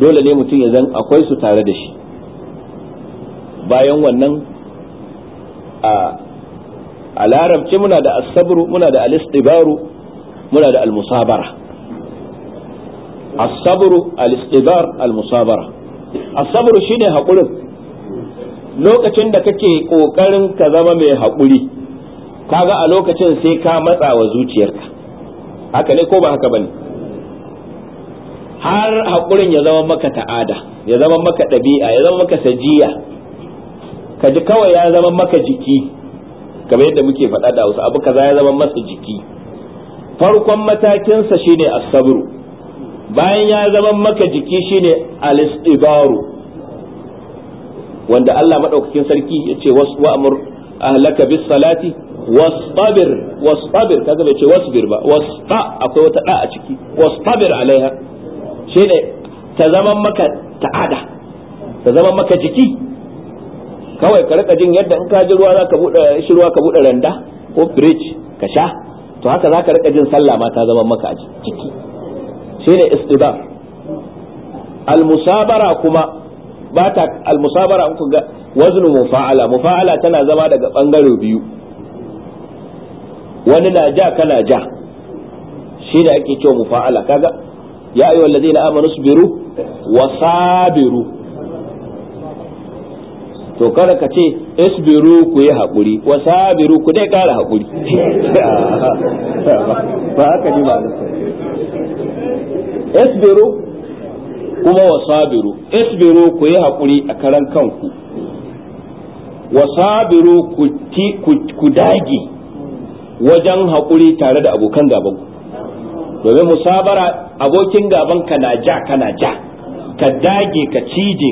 dole ne mutum ya zan akwai su tare da shi bayan wannan a larabci muna da asabru muna da alistibaru muna da almusabara asabru alistibar almusabara asabru shi shine hakurin lokacin da kake kokarin ka zama mai hakuri kaga a lokacin sai ka matsa wa zuciyarka haka ne ko ba haka bane har hakurin ya zama maka ta'ada ya zama maka ɗabi'a ya zama maka sajiya ka ji kawai ya zama maka jiki kamar yadda muke faɗa da wasu abu kaza ya zama masa jiki farkon matakinsa shine as bayan ya zama maka jiki shine al-istibaru wanda Allah madaukakin sarki yace wa'amur ahlaka bis salati wastabir wastabir kaga bai ce wasbir ba wasta akwai wata da a ciki wastabir alaiha shine ta zama maka ta'ada ta zama maka jiki kawai ka rika jin yadda in ka ji ruwa zaka bude shi ruwa ka bude randa ko bridge ka sha to haka zaka rika jin sallah ma ta zama maka jiki. ciki shine istiba almusabara kuma ba ta almusabara in ga waznu mufa'ala mufa'ala tana zama daga bangare biyu wani na ja kana ja shine ake cewa mufa'ala kaga ya ayyuhal ladina amanu subiru wa sabiru to kada ka ce isbiru ku yi haƙuri wa sabiru ku dai ƙara haƙuri ba haka ne ba isbiru kuma wasabiru isbiru ku yi hakuri a karan kanku wasabiru ku dage wajen hakuri tare da abokan gabanku domin musabara abokin gaban ka na ja kana ja ka dage ka cije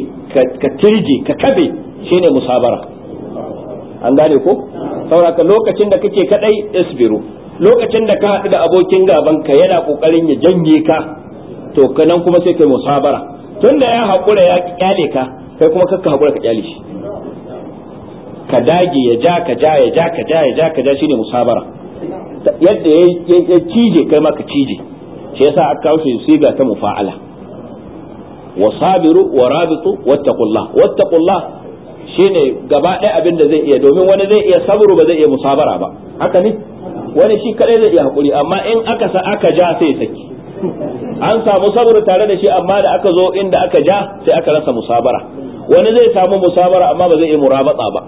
ka tirje ka kabe shine musabara an gane ko sauraka lokacin da kake kadai isbiru lokacin da ka haɗu da abokin gaban ka yana kokarin ya janye ka to kanan kuma sai kai musabara tunda ya haƙura ya kyale ka kai kuma kakka haƙura ka kyale shi ka dage ya ja ka ja ya ja ka ja ya ja ka ja shine musabara yadda ya cije kai ma ka cije shi yasa aka kawo shi siga ta mufa'ala wa sabiru wa rabitu wattaqullah wattaqullah shine gaba ɗaya abin da zai iya domin wani zai iya saburu ba zai iya musabara ba haka ne wani shi kadai zai iya hakuri amma in aka sa aka ja sai saki an samu sabr tare da shi amma da aka zo inda aka ja sai aka rasa musabara wani zai samu musabara amma ba zai yi murabata ba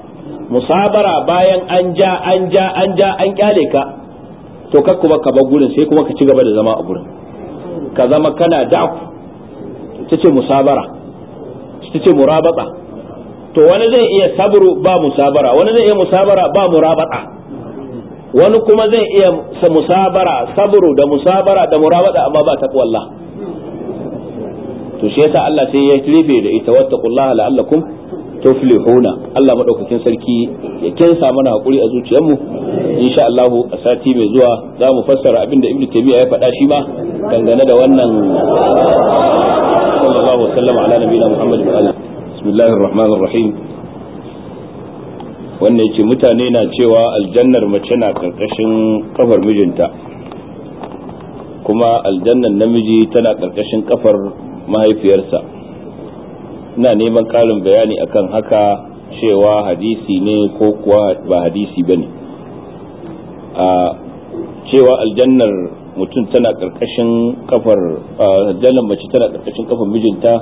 musabara bayan an ja an ja an ja an kyale ka to kar kuma ka bar gurin sai kuma ka ci gaba da zama a gurin ka zama kana daku ita ce musabara ita ce murabata to wani zai iya sabru ba musabara wani zai iya musabara ba murabata wani kuma zai iya musabara sabru da musabara da murabada amma ba taqwallah to shi yasa Allah sai ya ribe da ita wattaqullaha la'allakum tuflihuna Allah madaukakin sarki ya kinsa mana hakuri a zuciyarmu insha Allah a sati mai zuwa za mu fassara abin da Ibn Taymiyyah ya faɗa shi ma dangane da wannan sallallahu alaihi wa sallam ala nabiyina Muhammad wa ala bismillahir rahmanir rahim wanda yake mutane na cewa aljannar mace na karkashin kafar mijinta kuma aljannar namiji tana karkashin kafar mahaifiyarsa ina neman ƙarin bayani akan haka cewa hadisi ne ko kuwa ba hadisi ba ne cewa aljannar mutum tana karkashin kafar aljannar mace tana karkashin kafar mijinta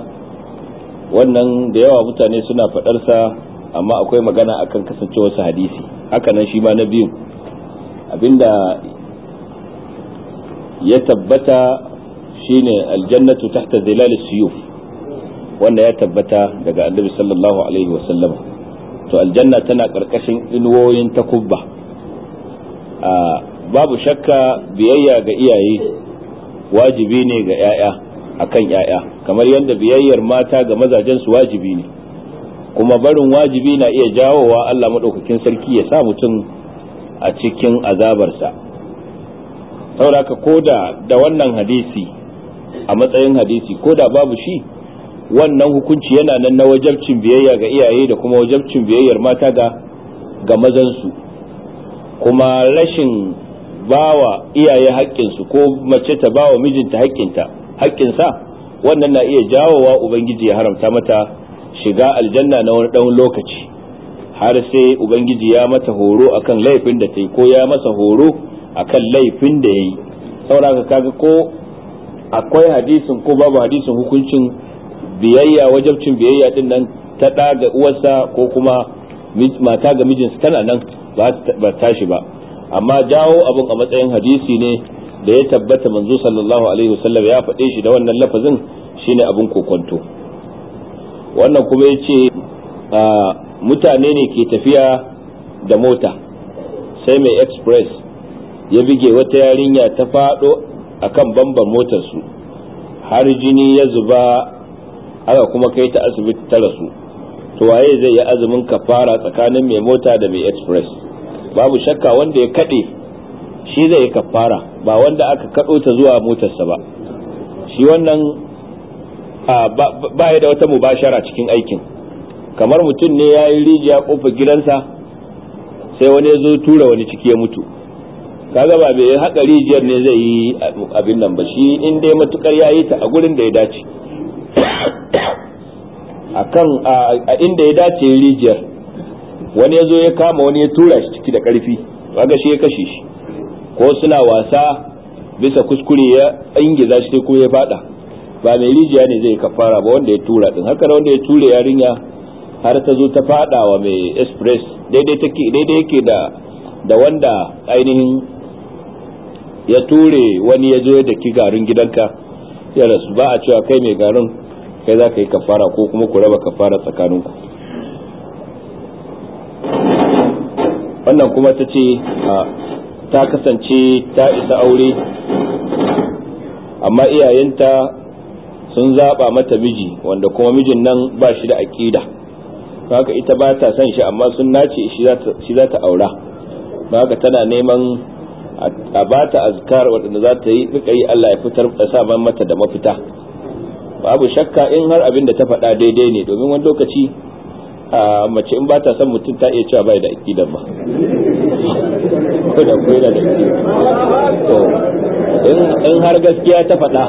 wannan da yawa mutane suna faɗarsa amma akwai magana akan wasu hadisi hakanan nan shi ma na biyu abinda ya tabbata shine aljannatu tahta as suyuf wanda ya tabbata daga annabi sallallahu alaihi wa sallama to aljanna tana karkashin inuwoyin takubba babu shakka biyayya ga iyaye wajibi ne ga 'ya'ya akan 'ya'ya kamar yadda biyayyar mata ga mazajen su wajibi ne kuma barin wajibi na iya jawowa Allah maɗaukakin sarki ya sa mutum a cikin azabarsa sauraka ko da da wannan hadisi a matsayin hadisi ko da babu shi wannan hukunci yana nan na wajabcin biyayya ga iyaye da kuma wajabcin biyayyar mata ga ga mazansu kuma rashin bawa iyaye haƙƙinsu ko mace ta bawa mijinta haƙƙinta haƙƙinsa wannan na iya jawowa ubangiji ya haramta mata shiga aljanna na wani ɗan lokaci har sai ubangiji ya mata horo akan laifin da ta yi ko ya masa horo akan laifin da ya yi saboda kaga ko akwai hadisin ko babu hadisin hukuncin biyayya wajabcin biyayya din nan ta ɗa ga uwarsa ko kuma mata ga mijinsa tana nan ba tashi ba amma jawo abin a matsayin hadisi ne da ya tabbata manzo sallallahu alaihi wasallam ya faɗe shi da wannan lafazin shine abin kokonto wannan kuma ya ce mutane ne ke tafiya da mota sai mai express ya bige wata yarinya ta faɗo a kan bamban motarsu har jini ya zuba aka kuma kai ta asibiti ta rasu to waye zai yi azumin kafara tsakanin mai mota da mai express babu shakka wanda ya kaɗe shi zai yi kafara ba wanda aka kaɗo ta zuwa motarsa ba shi wannan ba ya da wata mubashara cikin aikin kamar mutum ne ya yi rijiya kofa gidansa sai wani ya zo tura wani ciki ya mutu kaga ba bai haka rijiyar ne zai yi abin nan ba shi in dai matukar ya yi ta a gurin da ya dace a kan a inda ya dace rijiyar wani ya zo ya kama wani ya tura shi ciki da karfi kaga shi ya kashe shi ko suna wasa bisa kuskure ya ingiza shi ko ya fada ba mai rijiya ne zai kafara ba wanda ya tura din haka wanda ya ture yarinya har ta zo ta fada wa mai express daidai take daidai yake da da wanda ainihin ya ture wani ya zo ya daki garin gidanka ya rasu ba a cewa kai mai garin kai za ka yi kafara ko kuma ku raba kafara tsakaninku wannan kuma ta ce ta kasance ta isa aure amma iyayenta sun zaba mata miji wanda kuma mijin nan ba shi da aƙida haka ita ba ta son shi amma sun nace shi za ta aura haka tana neman a ba ta azkar waɗanda za ta yi duka yi Allah ya fitar da sa mata da mafita babu shakka in har abin da ta faɗa daidai ne domin wani lokaci a mace in ba ta son mutum ta iya cewa bai da aƙidan ba ko da ko da in har gaskiya ta faɗa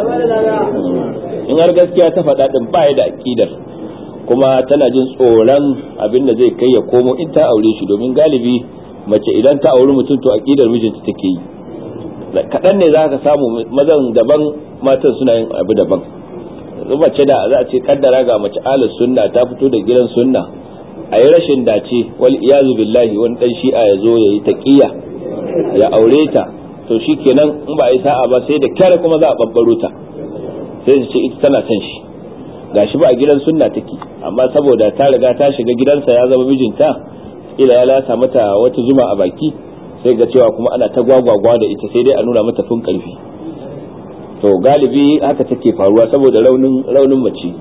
in har gaskiya ta faɗa ɗin ba da aƙidar kuma tana jin tsoron abin da zai kai ya komo in ta aure shi domin galibi mace idan ta auri mutum to aƙidar mijinta take yi kaɗan ne za ka samu mazan daban matan suna yin abu daban mace da za a ce kaddara ga mace alis sunna ta fito da gidan sunna a yi rashin dace wal iyazu billahi wani dan shi'a ya zo ya yi taqiya ya aure ta to shi kenan in ba a yi sa'a ba sai da kyara kuma za a babbaro ta sai su ce ita tana son shi Ga shi ba a gidan sunna take amma saboda ta riga ta shiga gidansa ya zama mijinta ila ya lasa mata wata zuma a baki sai ga cewa kuma ana ta gwagwagwa da ita sai dai a nuna mata fun karfi to galibi haka take faruwa saboda raunin raunin mace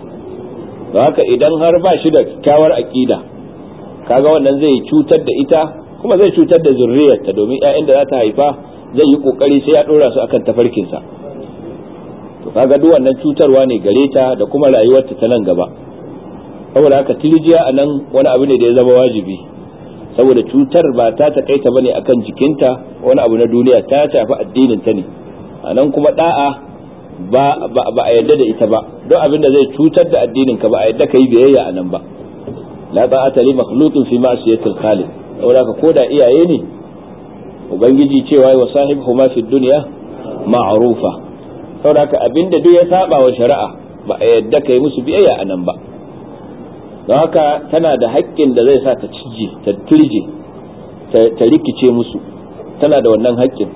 don haka idan har ba shi da kyawar aƙida kaga wannan zai cutar da ita kuma zai cutar da zurriyarta domin 'ya'yan da za ta haifa zai yi kokari sai ya dora su akan tafarkinsa to kaga duk wannan cutarwa ne gare ta da kuma rayuwarta ta nan gaba saboda haka tirjiya a nan wani abu ne da ya zama wajibi saboda cutar ba ta takaita bane akan jikinta wani abu na duniya ta tafi addinin ta ne a nan kuma da'a ba ba a yadda da ita ba don abin da zai cutar da addinin ka ba a yadda kai biyayya a nan ba la ta'ata li makhluqin fi ma'siyatil khaliq saboda haka koda iyaye ne ubangiji cewa wa huma fid dunya ma'rufa saboda haka da duk ya saba wa shari'a ba a yadda yi musu biyayya a nan ba don haka tana da haƙƙin da zai sa ta cije ta turje ta rikice musu tana da wannan haƙƙin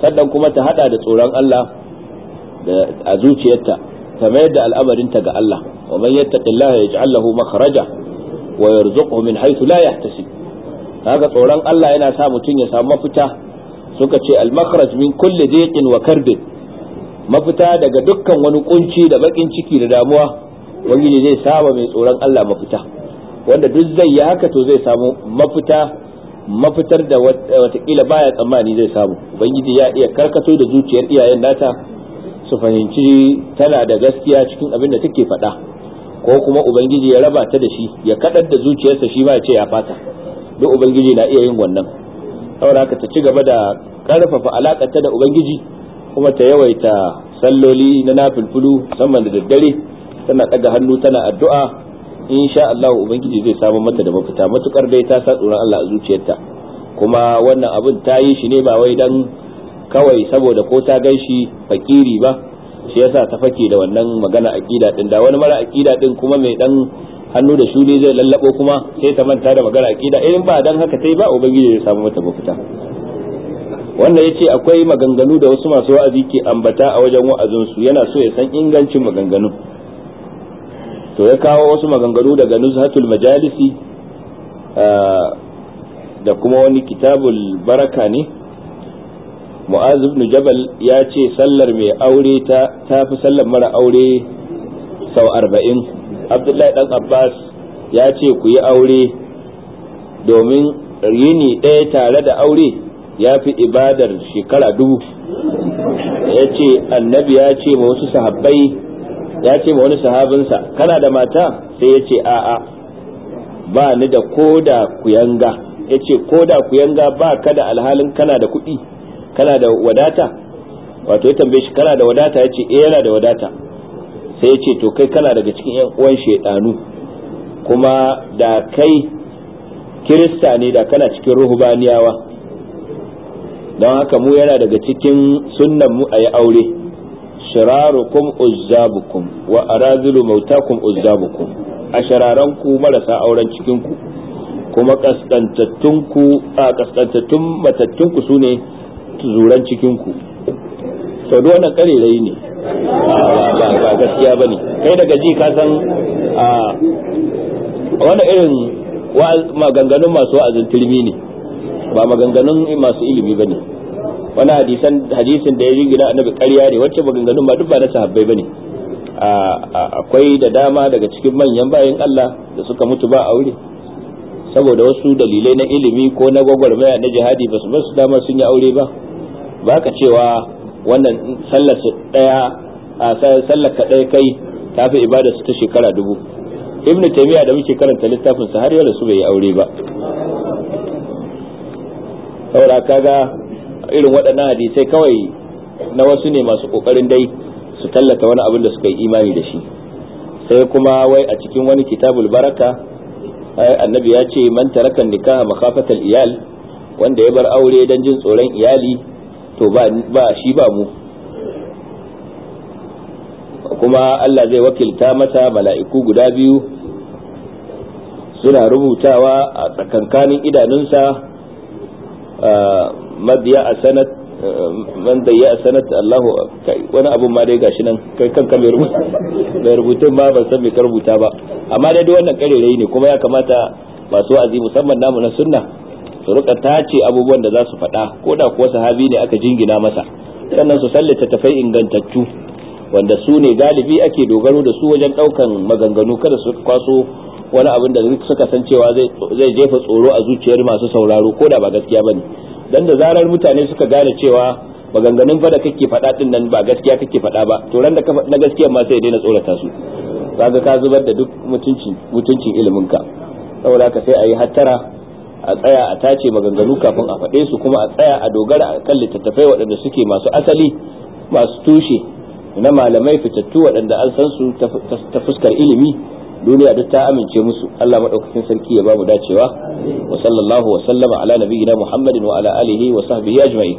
sannan kuma ta haɗa da tsoron Allah da a zuciyarta ta mayar da al'amarinta ga Allah wa man yattaqillaha yaj'al lahu makhraja wa yarzuquhu min haythu la yahtasib haka tsoron Allah yana sa mutum ya samu mafita suka ce al-makhraj min kulli dhiqin wa karbin mafita daga dukkan wani kunci da bakin ciki da damuwa ubangiji zai saba mai tsoron Allah mafita wanda duk zai yi haka to zai samu mafita mafitar da watakila baya tsammani zai samu ubangiji ya iya karkato da zuciyar iyayen nata su fahimci tana da gaskiya cikin abin da take faɗa ko kuma ubangiji ya raba ta da shi ya kadar da zuciyarsa shi ba ya ce ya fata duk ubangiji na iya yin wannan saboda haka ta ci gaba da karfafa alakata da ubangiji kuma ta yawaita salloli na nafilfulu musamman da daddare tana daga hannu tana addu'a sha Allah ubangiji zai samu mata da mafita matukar dai ta sa tsoron Allah a zuciyarta kuma wannan abin ta yi shi ne ba wai dan kawai saboda ko ta gan shi fakiri ba shi yasa ta fake da wannan magana aqida din da wani mara aqida din kuma mai dan hannu da shuni zai lallabo kuma sai ta manta da magana aqida irin eh, ba dan haka tai ba ubangiji zai samu mata mafita wanda ya ce akwai maganganu da wasu masu wa'azi ke ambata a wajen wa'azinsu yana so ya san ingancin maganganu to ya kawo wasu maganganu daga nuzhatul majalisi da kuma wani kitabul baraka ne mu'az ibn jabal ya ce sallar mai aure ta tafi sallar mara aure sau arba'in abdullahi dan abbas ya ce ku yi aure domin rini ɗaya tare da aure ya fi ibadar shekara dubu ya ce annabi ya ce ma wasu sahabbai ya ce ma wani sahabinsa kana da mata sai ya ce a'a ba ni da koda kuyanga ya ce koda kuyanga ba ka da alhalin kana da kuɗi kana da wadata wato ya tambaye shi kana da wadata ya ce eh yana da wadata sai ya ce to kai kana daga cikin yan uwan shaidanu kuma da kai kirista ne da kana cikin ruhubaniyawa don haka mu yana daga cikin sunnan mu a yi aure shirarukum uzzabukum wa arazilu mautakum uzzabukum a ku marasa auren cikinku kuma kaskantattunku a kaskantattun matattunku su ne zuran cikinku to duk wannan karerai ne ba gaskiya ba ne kai daga ji ka san wani irin maganganun masu wa'azin turmi ne ba maganganun masu ilimi ba ne wani hadisan hadisin da ya yi jingina annabi karya ne wacce maganganun ba duk ba na sahabbai ba ne akwai da dama daga cikin manyan bayan Allah da suka mutu ba aure saboda wasu dalilai na ilimi ko na gwagwarmaya na jihadi ba su basu dama sun yi aure ba ba ka cewa wannan sallar ɗaya sallar ka ɗaya kai ta fi ibada su ta shekara dubu ibn taymiya da muke karanta littafin sa har yau da su bai yi aure ba saura kaga irin waɗannan hadisai kawai na wasu ne masu ƙoƙarin dai su tallata wani abin da suka yi imani da shi sai kuma wai a cikin wani kitabul baraka annabi ya ce man taraka nikaha makhafatal iyal wanda ya bar aure dan jin tsoron iyali to ba ba shi ba mu kuma Allah zai wakilta masa mala'iku guda biyu suna rubutawa a tsakankanin idanunsa madiya a sanat man da ya sanat Allahu wani abun ma dai gashi nan kai kanka mai rubuta mai rubutun ma ban san mai ka ba amma dai wannan karerai ne kuma ya kamata masu wa'azi musamman namu na sunna su rika tace abubuwan da za su faɗa ko da kuwa sahabi ne aka jingina masa sannan su sallata tafai ingantattu wanda su ne galibi ake dogaro da su wajen ɗaukan maganganu kada su kwaso wani abin da suka san cewa zai jefa tsoro a zuciyar masu sauraro ko da ba gaskiya bane dan da zarar mutane suka gane cewa maganganun fa da kake faɗa din nan ba gaskiya kake faɗa ba to ran da ka na gaskiya ma sai daina tsorata su kaga ka zubar da duk mutuncin mutuncin ilimin ka saboda ka sai ayi hattara a tsaya a tace maganganu kafin a faɗe su kuma a tsaya a dogara a kan littattafai waɗanda suke masu asali masu tushe na malamai fitattu waɗanda an san su ta fuskar ilimi duniya duk ta amince musu Allah madaukakin sarki ya bamu dacewa wa sallallahu wa sallama ala nabiyyina Muhammadin wa ala alihi wa sahbihi ajma'in